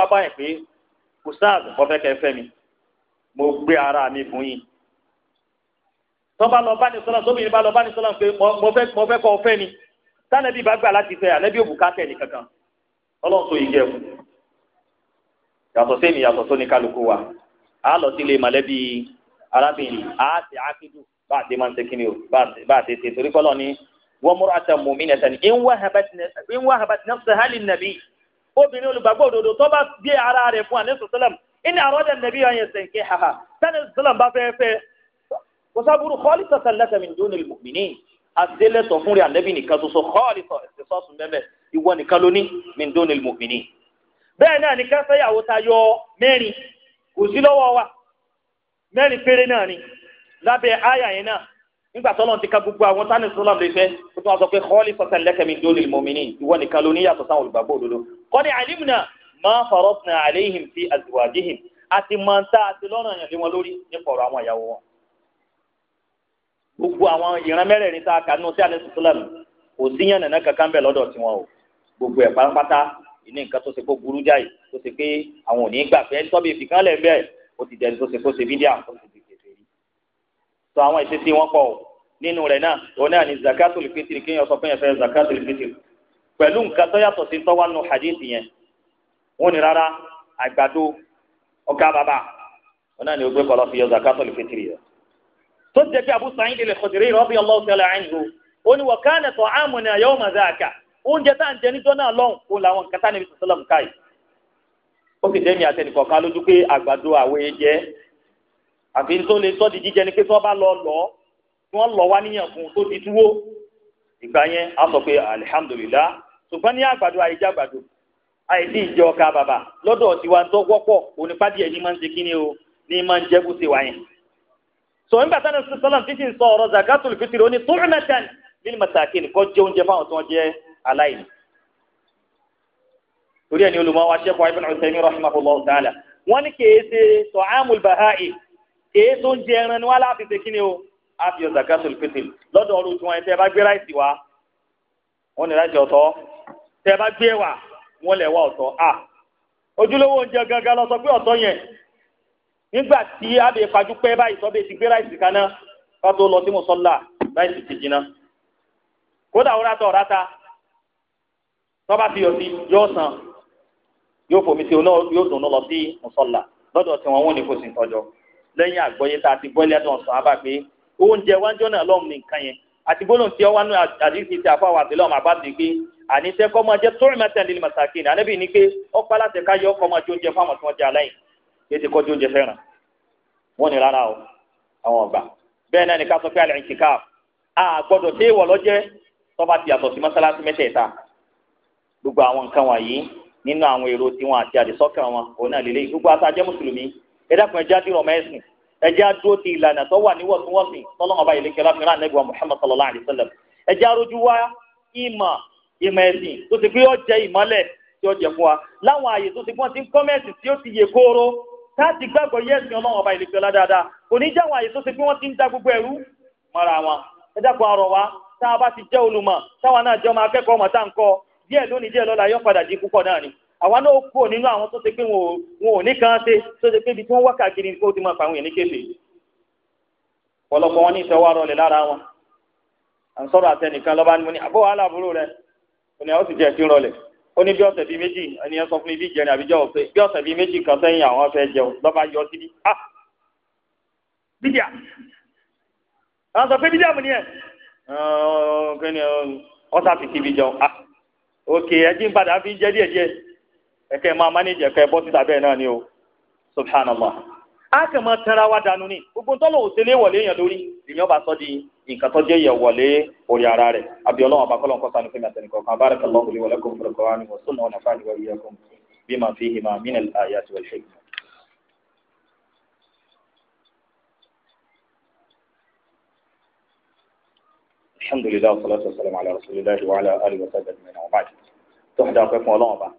wá tánàbí bá gbà láti fẹ́ ànábì òbúkátẹ́ nìkankan ọlọ́run tó yìí jẹun yàtọ̀ sẹ́ni yàtọ̀ sóni kálukú wa a lọ sílé mọ̀lẹ́bí arábìnrin a ti ákídù bá a ti máa ń ṣe kíni o bá a ti ṣe torí kọ́lọ́ ni wọ́n múra àti mu'minatan in wahabat nafsaha lin-nabi obìnrin olùgbàgbọ́ òdodo tó bá gbé ara rẹ̀ fún àníṣe sọ́lẹ̀m ìní àròjẹ nàbí ọ̀yẹ̀ sẹ̀ǹkẹ́ haha sani sọ́lẹ̀m bá fẹ́ fẹ́ kò sábúrú khalisatan laka min dunil mu'minin aselẹtọ fún rẹ anabi nìkan ṣoṣo kọọlì sọ ẹsẹ sọọsùn bẹbẹ ìwọ nìkan lóní mindoni mọmìnì bẹ́ẹ̀ náà ni káfẹyàwó ta yọ mẹ́rin kò sí lọ́wọ́ wa mẹ́rin péré náà ni lábẹ́ àyà yẹn náà nígbà tó lọ́n ti ka gbogbo àwọn tani sọlá lè fẹ́ kó tó wá sọ pé kọ́ọ́lì sọ̀tẹ̀ lẹ́kẹ̀ mi dóni mọ́mìnì ìwọ nìkan ló níyàtọ̀ sáwọn olùgbàgbọ́ gbogbo àwọn ìran mẹ́rẹ̀ẹ̀rin tá a kà nínú sí alẹ́ sùsùlẹ̀mù kò sí yàn nàná kankan bẹ̀ lọ́dọ̀ tiwọn o gbogbo ẹ̀ pátápátá ìní nǹkan tó ṣe kó burú jáì tó ṣe pé àwọn ò ní gbà pé ẹni tó bí ìfìkan lẹ̀ bẹ́ẹ̀ ó ti dẹni tó ṣe kó ṣe bídíà ó ti di kèfèrí. sọ àwọn ìṣesí wọn pọ̀ nínú rẹ̀ náà òun náà ni zakatul fitiri kéèyàn sọ pé yẹn fẹ́ zakatul fitiri pẹ̀lú nǹkan tó yàtọ̀ sí tọ́wá nù hadith yẹn wọn ni rárá àgbàdo ọ̀gá bàbà òun náà ni ó gbé kọ́ fi yọ zakatul fitiri yẹn tó jẹ́ pé Abu Sa'id al-Khudri radiyallahu ta'ala anhu ó ní wa kana ta'amuna yawma dhaka oúnjẹ tá à ń jẹ níjọ́ náà lọ́hùn kó làwọn kẹta níbi sọ́sọ́lọ́mù káyì ó sì jẹ́ mi àtẹnìkọ̀ọ̀kan lójú pé àgbàdo àwẹ̀ jẹ́ àfi tó lè tọ́ di jíjẹ ni pé tí wọ́n bá lọ lọ tí wọ́n lọ wá níyàn fún tó di dúró ìgbà yẹn á sọ pé alihamudulilah ṣùgbọ́n ní àgbàdo àìjẹ àgbàdo àìsí ìjẹ ọkà bàbà lọ́dọ̀ tiwa tó wọ́pọ̀ onípàdé ẹ̀ ní máa ń ṣe kíni o ní máa ń jẹ́ kó ṣe wáyẹn sọ nígbà táwọn ẹni sọlá títí sọ ọ̀rọ̀ zakatul fitiri ó ní tu'matan lil masakin kó jẹ oúnjẹ fáwọn tí wọ́n jẹ́ aláìní. torí ẹni olùmọ̀ wa ṣẹ́kọ̀ ibn Uthaymin rahimahullahu ta'ala wọ́n ní kèé ṣe ta'amul bahai kèé tó ẹran ni wọ́n láti ṣe kí ni o àfi zakatul fitiri lọ́dọ̀ ọ̀rọ̀ tí wọ́n yẹn tẹ́ bá gbé ráìsì wa wọ́n ní ráìsì ọ̀tọ̀ tẹ́ bá gbé wà wọ́n lẹ̀ wá ọ̀tọ̀ à ojúlówó oúnjẹ gangan lọ sọ pé ọ̀tọ̀ yẹn nígbà tí abẹ fajú pẹ́ báyìí sọ́bẹ̀ ti gbé ráìsì kaná ká tó lọ sí mùsọ́lá ráìsì ti jiná kódà ó rátọ̀ ráta tọ́ba fi yọ sí yóò san yóò fòmí sí oná yóò dùn lọ sí mùsọ́lá lọ́dọ̀ tí wọ́n wọ́n ní kò sí ìtọ́jọ́ lẹ́yìn àgbọ́yé tá a ti gbọ́ lẹ́dọ̀ sọ abá pé oúnjẹ wájú náà lọ́mù nìkan yẹn àti gbólóhùn tí wọ́n wá àdìsí ti àfọ àwọn àbẹ̀lẹ̀ ọmọ àbá ti gbé àní tẹ́ kọ́ máa jẹ́ tó rìn mẹ́tẹ̀ẹ́lì màsàkì ní anábì ní pé ọ̀pá láti ká yọ ọkọ̀ jẹ oúnjẹ fáwọn tí wọ́n jẹ aláìní yéé ti kọjú oúnjẹ fẹ́ràn wọ́n ní rárá o àwọn ọgbà bẹ́ẹ̀ náà ni ká sọ pé àlẹ́ ìkíkà a gbọ́dọ̀ ṣé ìwọ̀ lọ́jẹ́ tọ́ba ti yàtọ̀ sí mọ́sálásí mẹ́tẹ̀ẹ̀ta gbogbo àwọn nǹkan wọ̀nyí nínú àwọn èrò tiwọn àti àdìsọ́kàn wọn òun náà lélẹ́yìn gbogbo ata jẹ́ mùsùlùmí ẹ dákun ẹjẹ́ àdúrà ọmọ ẹ̀sìn ẹjẹ́ àdúró ti ìlànà tó wà níwọ̀ntúnwọ̀nsìn Muhammad sallallahu alayhi wa sallam ẹjẹ́ àrójú wá ìmọ̀ ìmọ̀ ẹ̀sìn tó ti pé ó jẹ́ ìmọ̀lẹ̀ tí ó jẹ fún láti gbàgbọ́ yẹ́ ẹ̀sìn ọlọ́run ọba ìlẹ̀kẹ́ ọlá dáadáa kò ní jáwọn àyè tó pé wọ́n ti ń da gbogbo ẹ̀rú mara wọn ẹ dákun àrọ̀ wa tá bá ti jẹ́ olùmọ̀ táwọn náà jẹ́ ọmọ akẹ́kọ̀ọ́ ọmọ tá à ń kọ́ díẹ̀ lónìí díẹ̀ lọ́la yóò di púpọ̀ náà ni náà kúrò nínú àwọn tó ṣe pé wọn ò ní kan ṣe tó ṣe pé ibi tí wọ́n wá kó ti máa ó ní bí ọ̀sẹ̀ bíi méjì ẹni yẹn sọ fún mi bí ìjẹrin àbíjọ ọ̀sẹ̀ bí ọ̀sẹ̀ bíi méjì kan sẹ́yìn àwọn fẹ́ jẹun lọ́ba yọ síbi a ah! bídíà àwọn sọ pé bídíà mu ni ẹ kíni ọ̀sà fi síbi jẹun ah! a òkè ẹjí ń padà fi jẹ díẹ̀ díẹ̀ ẹ̀kẹ́ máa mánéjì ẹ̀kẹ́ bọ́ síta bẹ́ẹ̀ náà ni o subhanallah a kàn máa tanra wa dànù ni gbogbo tọ́lọ̀ òṣèlé wọlé èèyàn lórí èèyàn bá sọ di nǹkan tó jẹ́ ìyẹ̀ wọlé orí ara rẹ̀ àbí ọlọ́run àbá kọ́lọ́n kọ́sánú fẹ́mi àtẹnìkọ̀ kan bára kẹlọ́ òní wọlé kó fúnra kọ́ra ni wọ́n sún náà nàfà níwáyé ẹ̀kọ́ bí màá fi hìmà mínà àyà àti wọlé ṣègùn. alhamdulilayi wa salatu wa salam ala rasulillahi wa ala alihi wa sallam ajma'in wa ba'd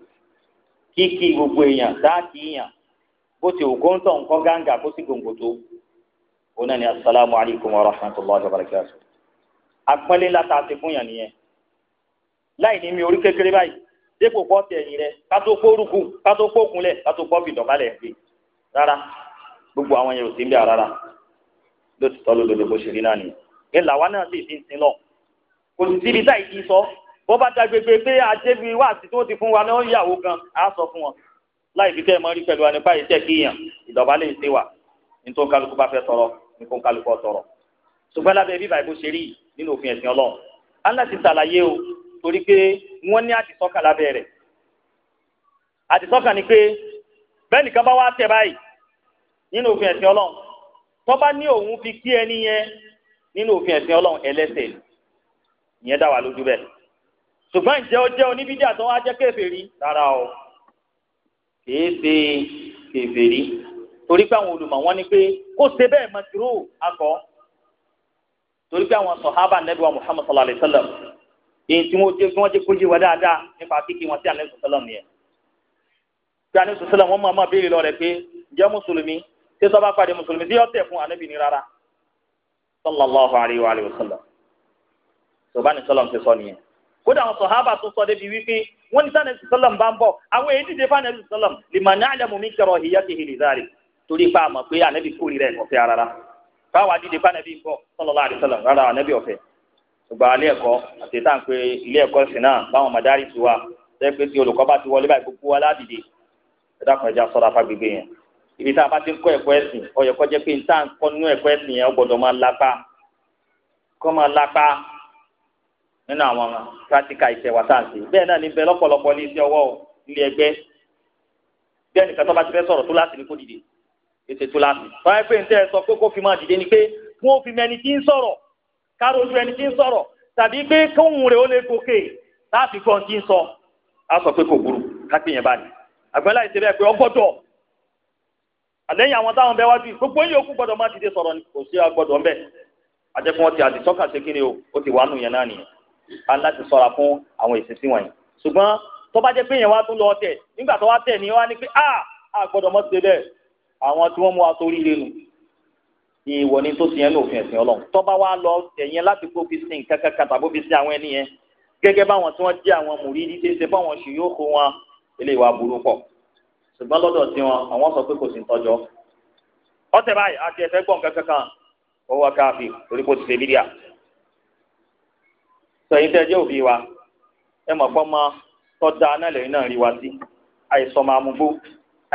kíkí gbogbo èèyàn dáàkì èèyàn bó ti òkú ń tọ̀ nǹkan gángà kó sì gbòǹgbò tó òun náà ni asalaamu alaykum wa rahmatulahi wa barakatuh àpọ́nlé láta ti fún yàn nìyẹn láì ní mi orí kékeré báyìí dépò pọ́ọ̀tì ẹ̀yìn rẹ kátó kórukù kátó kókunlẹ̀ kátó pọ́ọ̀fì dọ̀bálẹ̀ gbé rárá gbogbo àwọn yẹn ò sí ń bẹ́ẹ̀ rárá ló ti tọ́ lódodo bó ṣe rí náà nìyẹn ńlá wa náà sì ti ń sin lọ kò sí ibi táyì ti sọ bó bá da gbègbè pé àjẹbí wà àti tí ti fún wa náà yàwó gan á sọ fún wọn láì fi tẹ́ ẹ mọ́ rí pẹ̀lú wa nípa ìtẹ́ kíyàn ìdọ̀bá lè ṣe wà nítorí kálukú bá fẹ́ tọrọ nítorí kálukú ọ̀tọ̀rọ̀ ṣùgbọ́n lábẹ́ bíbá ìbò ṣe rí nínú òfin ẹ̀sìn ọlọ́run Allah ti ṣàlàyé o torí pé wọ́n ní àtisọ́kà lábẹ́ rẹ̀ àtisọ́kà ni pé bẹ́ẹ̀ nìkan bá wá tẹ̀ báyìí nínú òfin ẹ̀sìn ọlọ́run ṣùgbọ́n ǹjẹ́ ó jẹ́ oníbídíà tó wá jẹ́ kèfèrí rárá o kìí ṣe kèfèrí torí pé àwọn olùmọ̀ wọn ni pé kó ṣe bẹ́ẹ̀ mọ̀tìrú akọ torí pé àwọn sọ̀hábà nẹ́bí wa Muhammad sallallahu alayhi wa sallam èyí tí wọ́n jẹ́ kí wọ́n jẹ́ kó yé wa dáadáa nípa kíkí wọn sí anẹ́sọ̀ sọ́lọ́m yẹn bí anẹ́sọ̀ sọ́lọ́m wọn máa máa béèrè lọ rẹ̀ pé ǹjẹ́ mùsùlùmí tí sọ́ba pàdé mùsùlùmí tí yọ fún anẹ́bí ni rárá sallallahu alayhi wa sallam sọ̀bá ti sọ nìyẹn kódà àwọn sọ̀hábà tó sọ débi wípé wọ́n ní sànẹ́ sọ́lọ̀m bá ń bọ̀ àwọn èyí dìde fáànẹ́ sọ́lọ̀m lè mà ní àlẹ́ mọ̀mí kẹrọ ìyá ti hìlì záre torí pa àmọ̀ pé ànẹ́bí kórì rẹ̀ ọ̀fẹ́ rárá káwa dìde fáànẹ́bí bọ̀ sọ́lọ́lá àdé sọ́lọ̀m rárá ànẹ́bí ọ̀fẹ́ ṣùgbọ́n alẹ́ ẹ̀kọ́ àti tá à ń pe ilé ẹ̀kọ́ ẹ̀sìn náà báwọn madari ti wa tẹ́ pé tí olùkọ́ bá ti wọlé báyìí gbogbo wa ládìde ẹ dákun ẹja nínú àwọn pírátíkà iṣẹ́ wa tá à ń ṣe bẹ́ẹ̀ náà ní bẹ lọ́pọ̀lọpọ̀ ní iṣẹ́ ọwọ́ ilé ẹgbẹ́ bẹ́ẹ̀ nìkan tó bá ti fẹ́ sọ̀rọ̀ tó láti ní kó dìde ètò ètò láti. báyìí pé ntẹ́ sọ pé kó fi máa dìde ni pé wọ́n fi mẹ́ni tí ń sọ̀rọ̀ károjú ẹni tí ń sọ̀rọ̀ tàbí pé kóhùn rẹ̀ ó lè gòkè láti gbọ́ ti ń sọ. a sọ pé kò burú kápẹ́yìn bá ní. ni kò sí agbọ́dọ̀ ńbẹ́ àjẹkùn ọtí àdìsọ́kà ṣe ni o ó ti a ní láti sọra fún àwọn ìṣesí wọ̀nyí ṣùgbọ́n tó bá jẹ́ pé yẹn wá tó lọ tẹ̀ nígbà tó wá tẹ̀ ní wá ní pé ah, a a gbọ́dọ̀ mọ́ ti bẹ́ẹ̀ àwọn tí wọ́n mú wa sórí ire nù ìwọ ni tó ti yẹn ní òfin ẹ̀sìn ọlọ́run tó bá wá lọ ẹ̀yẹn láti kó fi sin kankan kàtà bó fi sin àwọn ẹni yẹn gẹ́gẹ́ báwọn tí wọ́n jẹ́ àwọn mùrídìí ṣe é ṣe fáwọn ṣì yóò kó wọn ilé ìwà burú pọ̀ ṣùgbọ́n lọ́dọ̀ tí wọn àwọn sọ pé kò sí tọ́jọ́ ọ̀sẹ̀ báyìí àti ẹ̀fẹ́ gbọ̀n kankan kan owó orí kò ti ṣe bíríà sẹyìn tẹ jẹ òbí wa ẹ mọ̀ fọmọ tọdà náà lẹ́yìn náà rí wa sí àìsàn máa mú bó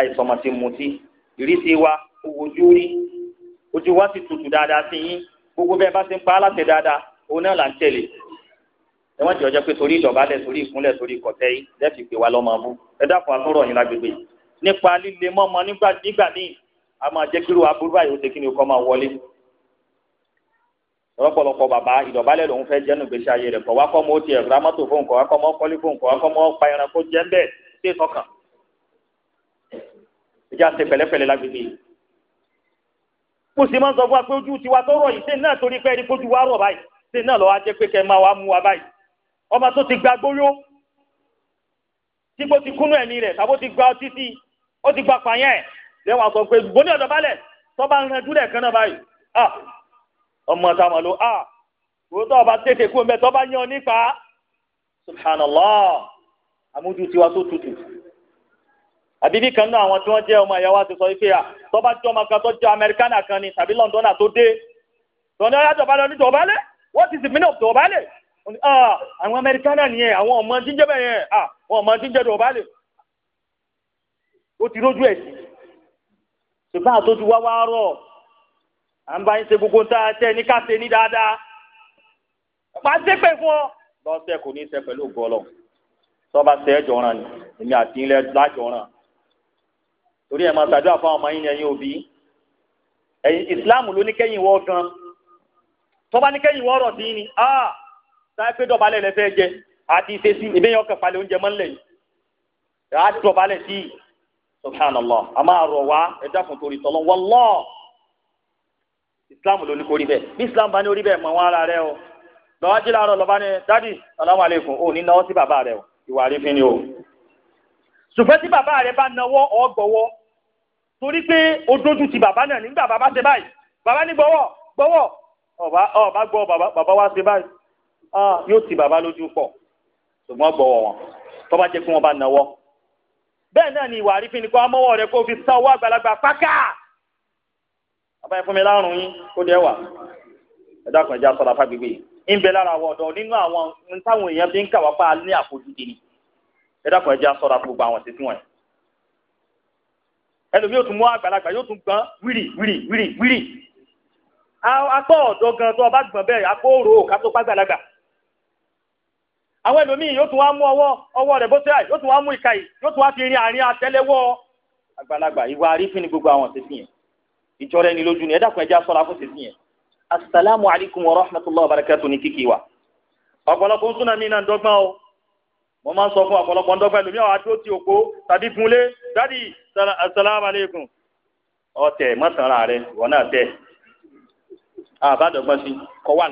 àìsàn máa ti mutí ìrísí wa owó ojú rí ojú wa ti tutù dáadáa sí yín gbogbo bẹ́ẹ̀ bá ti ń pa aláṣẹ dáadáa òun náà là ń tẹ̀lé ẹ wọ́n ti ọjọ́ pé torí ìdọ̀bálẹ̀ torí ìkúnlẹ̀ torí ìkọ̀tẹ́ yìí lẹ́ẹ̀fì pé wa lọ́mọ abú ẹ dákun àtúrọ̀ yín lágbègbè nípa líle mọ́mọ nígbà míì a máa jẹ́ kí irú aburú báyìí ó ṣe kí ni kọ́ máa wọlé lọ́pọ̀lọpọ̀ bàbá ìdọ̀bálẹ̀ lòun fẹ́ jẹ́nu gbèsè ayé rẹ̀ kọ̀ wá kọ́ mọ́ ó tiẹ̀ ra mọ́tò fóun kọ̀ wá kọ́ mọ́ kọ́lé fóun kọ̀ wá kọ́ mọ́ pa ẹran kó jẹ́ bẹ́ẹ̀ sí ìtọ́kàn. ìjà ṣe pẹ̀lẹ́pẹ̀lẹ́ lágbègbè yìí. mo sì máa ń wa pé ojú tiwa tó rọ̀ yìí sí náà torí pé ẹni kójú wa rọ̀ báyìí sí náà lọ́wọ́ á jẹ́ pé kẹ́ máa wá mú wa báyìí. ọmọ tó ti gba gbóyó tí bó ti kúnú ẹ̀mí rẹ̀ tàbó ti gba ọtí ó ti gba pààyàn lẹ́wọ̀n sọ pé gbóní ọ̀dọ̀bálẹ̀ tó ń ranjú lẹ̀ kan náà báyìí ah, ọmọ tá a mọ̀ a wò ọba tètè kú mbẹ bá yan nípa subhanallah amójú tiwa tó tutù àbíbí kan náà àwọn tí wọ́n jẹ́ ọmọ ìyàwó àti sọ ife à tó jọ ọmọ kan tó jẹ́ amẹríkánà kan ni tàbí lọ́ndọ́nà tó dé tọ́ni ọ̀yá jọba lọ ní jọba lé what is the meaning of jọba lé àwọn amẹríkánà nìyẹn àwọn ọmọ tí ń jẹ́ bẹ́ẹ̀ yẹn àwọn ọmọ tí jọba lé ó ti rójú ẹ̀ sí ṣùgbọ́n àtọ́jú wá wá rọ̀ à ń bá yín ṣe gbogbo tá tẹ ní ká ṣe ní dáadáa ọ̀pá ṣépè fún ọ lọ́sẹ̀ kò ní í ṣe pẹ̀lú ògbọ́lọ̀ tọ́ba ṣe é ni èmi àti ilẹ̀ lájọ̀ràn torí ẹ̀ máa ṣàdúrà fún àwọn ọmọ yín ni ẹ̀yin òbí ẹ̀yin ìsìláàmù ló ní kẹ́yìn wọ́ gan tọ́ba ní kẹ́yìn wọ́ sí ni ah pé dọ̀bálẹ̀ lẹ́fẹ́ jẹ àti ọkàn oúnjẹ mọ́lẹ̀ yìí àti dọ̀bálẹ̀ sí subhanallah a máa rọ̀ wá ẹ̀dá fún torí tọ́lọ́ wọ́lọ́ọ̀ islam ló ní kó rí bí islam bá ní orí bẹ́ẹ̀ mọ̀ wọn ara rẹ o lọ́wọ́ jí láàárọ̀ lọ́ba ní dádì salamu alaikum ò ní náwó sí bàbá rẹ o ìwà àrífín ni o ṣùgbọ́n tí bàbá rẹ bá náwó ọgbọ̀wọ́ torí pé ó dójú ti bàbá náà nígbà bàbá ṣe báyìí bàbá ní gbọ́wọ́ gbọ́wọ́ ọba gbọ́ bàbá wa ṣe báyìí yóò ti bàbá lójú pọ̀ ṣùgbọ́n gbọ́wọ́ wọn tó bá jẹ́ kí wọ́n bá náwó bẹ́ẹ̀ náà ni ìwà àrífín ni kó amọ́wọ́ rẹ kó fi sá àgbàlagbà pákà bàbá yẹn fún mi lárùn yín kó dé wà ẹ dákun ẹ já gbígbé yìí ń bẹ lára àwọn nínú àwọn ń táwọn èèyàn fi ń ní àfojúdi ni gbogbo àwọn títí wọn. ẹlòmíì tún mú àgbàlagbà yóò tún wírì wírì wírì wírì gan tó ọba tó pàgbàlagbà àwọn ẹlòmíì yóò tún wá mú bó yóò tún wá mú ìjọra ẹni lójú ni ẹ dákun ẹjẹ asọ́ra fún sísìn yẹn asalaamu alaykum wa rahmatulah wa barakatu ni kíkì wa ọ̀pọ̀lọpọ̀ nsúná mi náà ń dọ́gbọ́n o mo máa ń sọ fún ọ̀pọ̀lọpọ̀ ń dọ́gbọ́n ẹlòmíà wàá tó ti òkó tàbí asalaamu alaykum ọtẹ rẹ wọn náà tẹ sí wà wà rẹ sán tó wà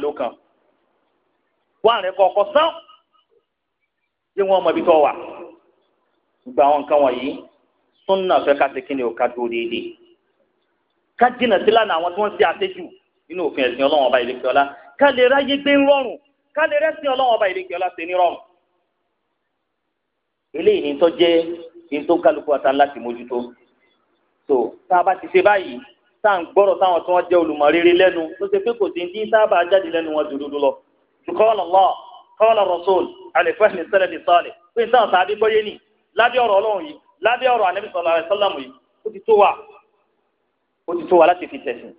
gba àwọn nǹkan ká kí ni ò ká tó déédéé. ká jìnnà sí lánàá àwọn tí wọ́n ti àtẹ́jù nínú òfin ẹ̀sìn ọlọ́wọ́n ọba ìlẹ́kẹ́ ọlá ká lè ráyé gbé ń rọrùn ká lè rẹ́sìn ọlọ́wọ́n ọba ìlẹ́kẹ́ ọlá ṣe ní rọrùn. eléyìí ni tó jẹ́ ní tó kálukú ata láti mójútó tó tá a bá ti ṣe báyìí tá à ń gbọ́rọ̀ táwọn tí wọ́n jẹ́ olùmọ̀ rere lẹ́nu tó ṣe pé kò sí ní sábà jáde lẹ́nu wọn dúdú lọ qala Allah qala Rasul alifahmi sẹlẹbi sallallahu alaihi wasallam yìí ó ó ti tó wa láti fi tẹ̀sìn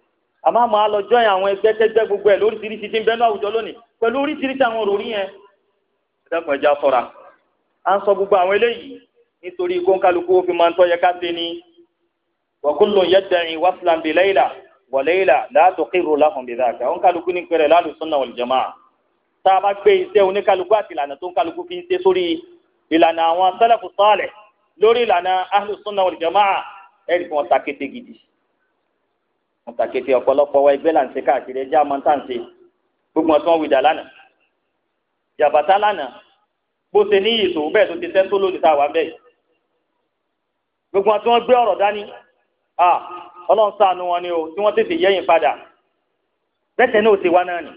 àmọ́ àmọ́ a lọ jọyìn àwọn ẹgbẹ́kẹ́gbẹ́ gbogbo ẹ̀ lóríṣiríṣi tí ń bẹ́nu àwùjọ lónìí pẹ̀lú oríṣiríṣi àwọn òròrí yẹn ẹ̀dàkùn ẹ̀já sọ̀ra à ń sọ gbogbo àwọn eléyìí nítorí kóńkálukú ó fi máa ń tọ́ yẹ ká ṣe ni wa kullun yadda'i waslan bi layla wa layla la tuqirru lahum bi ní pẹ̀rẹ̀ la sunna wọn kàkété ọ̀pọ̀lọpọ̀ wa ẹgbẹ́ là ń ṣe káàkiri ẹjẹ́ àmọ́ tá à ń ṣe gbogbo wọn tí wọ́n wìdà lánàá jàbàtà lánàá bó ṣe ní ìyèsò bẹ́ẹ̀ tó ti sẹ́ńtò lónìí tá a wà bẹ́ẹ̀ gbogbo wọn tí wọ́n gbé ọ̀rọ̀ dání à ọlọ́run ṣàánú wọn ni o tí wọ́n tètè yẹ́yìn padà bẹ́tẹ̀ náà ti wá náà nì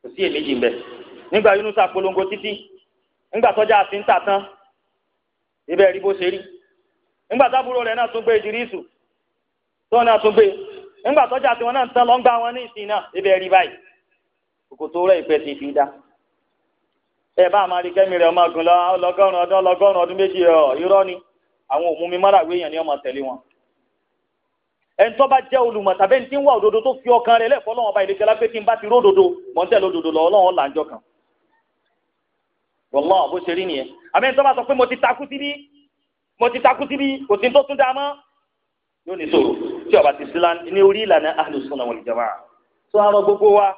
kò sí èméjì ń bẹ nígbà Yunus polongo títí nígbà tọ́jà àti ń tà tán ibẹ̀ rí bó ṣe rí nígbà tábúrò rẹ̀ tó náà tún tọ́jà tí náà ń tán lọ́ngbà wọn ní ìsìn náà ibẹ̀ rí báyìí kòkòtò rẹ̀ ìfẹ́ ti fi dá ẹ bá àmàlí kẹ́mi rẹ̀ ọmọ lọ ọlọ́gọ́rùn ọdún ọlọ́gọ́rùn ọdún méjì ọ̀ irọ́ ni àwọn òmùmí máràwé èèyàn ni ọmọ tẹ̀lé wọn. ẹni tó bá jẹ́ olùmọ̀ tàbí ẹni tí ń wá fi ọkàn rẹ̀ yóò ní sòrò tí ọba ti sílá ní orí ìlànà ahlùsùnà wal jamaa tó àrọ gbogbo wa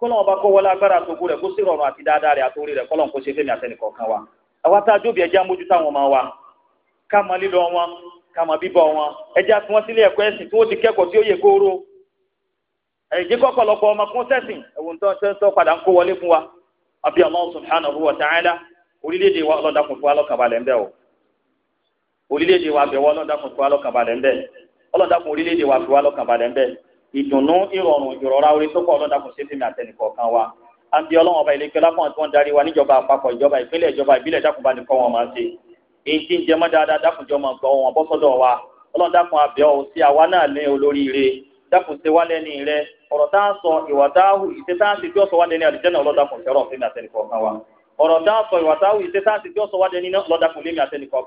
kọlọ ọba kọ wọlé agbára gbogbo rẹ̀ kó sì rọrùn àti dáadáa rẹ̀ àtòrí rẹ̀ kọlọ ń kó ṣe fẹmi àtẹnìkọ̀ọ̀kan wa àwa tá a jóbi ẹjẹ amójútó àwọn ọmọ wa ká mọ lílọ wọn ká mọ bíbọ wọn ẹjẹ àti wọn sílé ẹ̀kọ́ ẹ̀sìn tí wọn ti kẹ́kọ̀ọ́ tí ó yẹ kóró ẹjẹ kọkọlọpọ ọmọ kún sẹsìn ẹwọn tó ń tọ́ padà ń kó wọlé fún wa àbí Allah subhanahu wa ta'ala orílẹ̀-èdè wa ọlọ́dà kún fún wa lọ́kàn orílẹ̀-èdè wa bẹ̀wọ́ ọlọ́dàkùn fi wá lọ́kàn balẹ̀ ń bẹ̀ ọlọ́dàkùn orílẹ̀-èdè wa fi wá lọ́kàn balẹ̀ ń bẹ̀ ìdùnnú ìrọ̀rùn ìrọ̀ra orí tó kọ́ ọlọ́dàkùn sí fèmí àtẹnìkọ̀ọ̀kan wa à ń bí ọlọ́wọ́n ọba ìlẹ́kẹ́ lápá tí wọ́n darí wa níjọba àpapọ̀ ìjọba ìpínlẹ̀ ìjọba ìbílẹ̀ dákun bá nìkan wọn máa ṣe èyí tí ń jẹ mọ́ dáadáa dákun ọ̀rọ̀ tá sọ ìwà tá ìṣe tá a bí ọ̀sọ̀ wá lẹ́ni àlùjẹ́nà ọlọ́dàkùn àtẹnìkọ̀ọ̀kan wa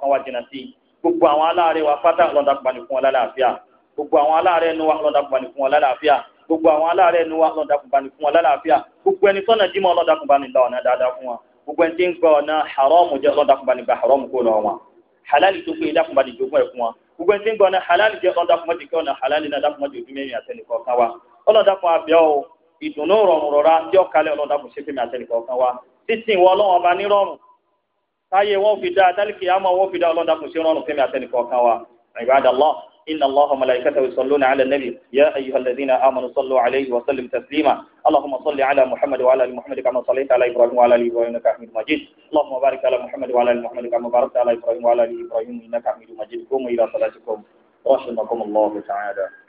ọ̀rọ̀ sí i gbogbo àwọn aláàárẹ̀ wa pátá lọ́dà pàní fún wọn lálàáfíà gbogbo àwọn aláàárẹ̀ nu wa lọ́dà pàní fún wọn lálàáfíà gbogbo àwọn aláàárẹ̀ nu wa lọ́dà pàní fún wọn lálàáfíà gbogbo ẹni sọ́nà jímọ̀ lọ́dà pàní la ọ̀nà dáadáa fún wọn gbogbo ẹni tí ń gba ọ̀nà haramu jẹ́ lọ́dà pàní gba haramu kó lọ halali tó pé dákùnbà ní jogún ẹ̀ fún wa gbogbo halali jẹ́ lọ́dà pàní kí ọ̀nà halali náà dákùnbà ní ojúmọ́ ẹ̀yìn àtẹnìkọ̀ kan wa ọlọ́dà kan àbẹ̀ ọ́ ìdùnnú rọrùn rọra tí ọ̀kalẹ̀ ọlọ́dà kò ṣe táyé wọn fi dá àtàlìkì ama wọn fi dá ọlọ́dà kùn sí rọrùn fẹ́mi àtẹnìkọ̀ọ̀kan wa ibadallah إن الله وملائكته يصلون على النبي يا أيها الذين آمنوا صلوا عليه وسلم تسليما اللهم صل على محمد وعلى آل محمد كما صليت على إبراهيم وعلى آل إبراهيم إنك حميد مجيد اللهم بارك على محمد وعلى آل محمد كما باركت على إبراهيم وعلى آل إبراهيم إنك حميد مجيد قوموا إلى صلاتكم رحمكم الله تعالى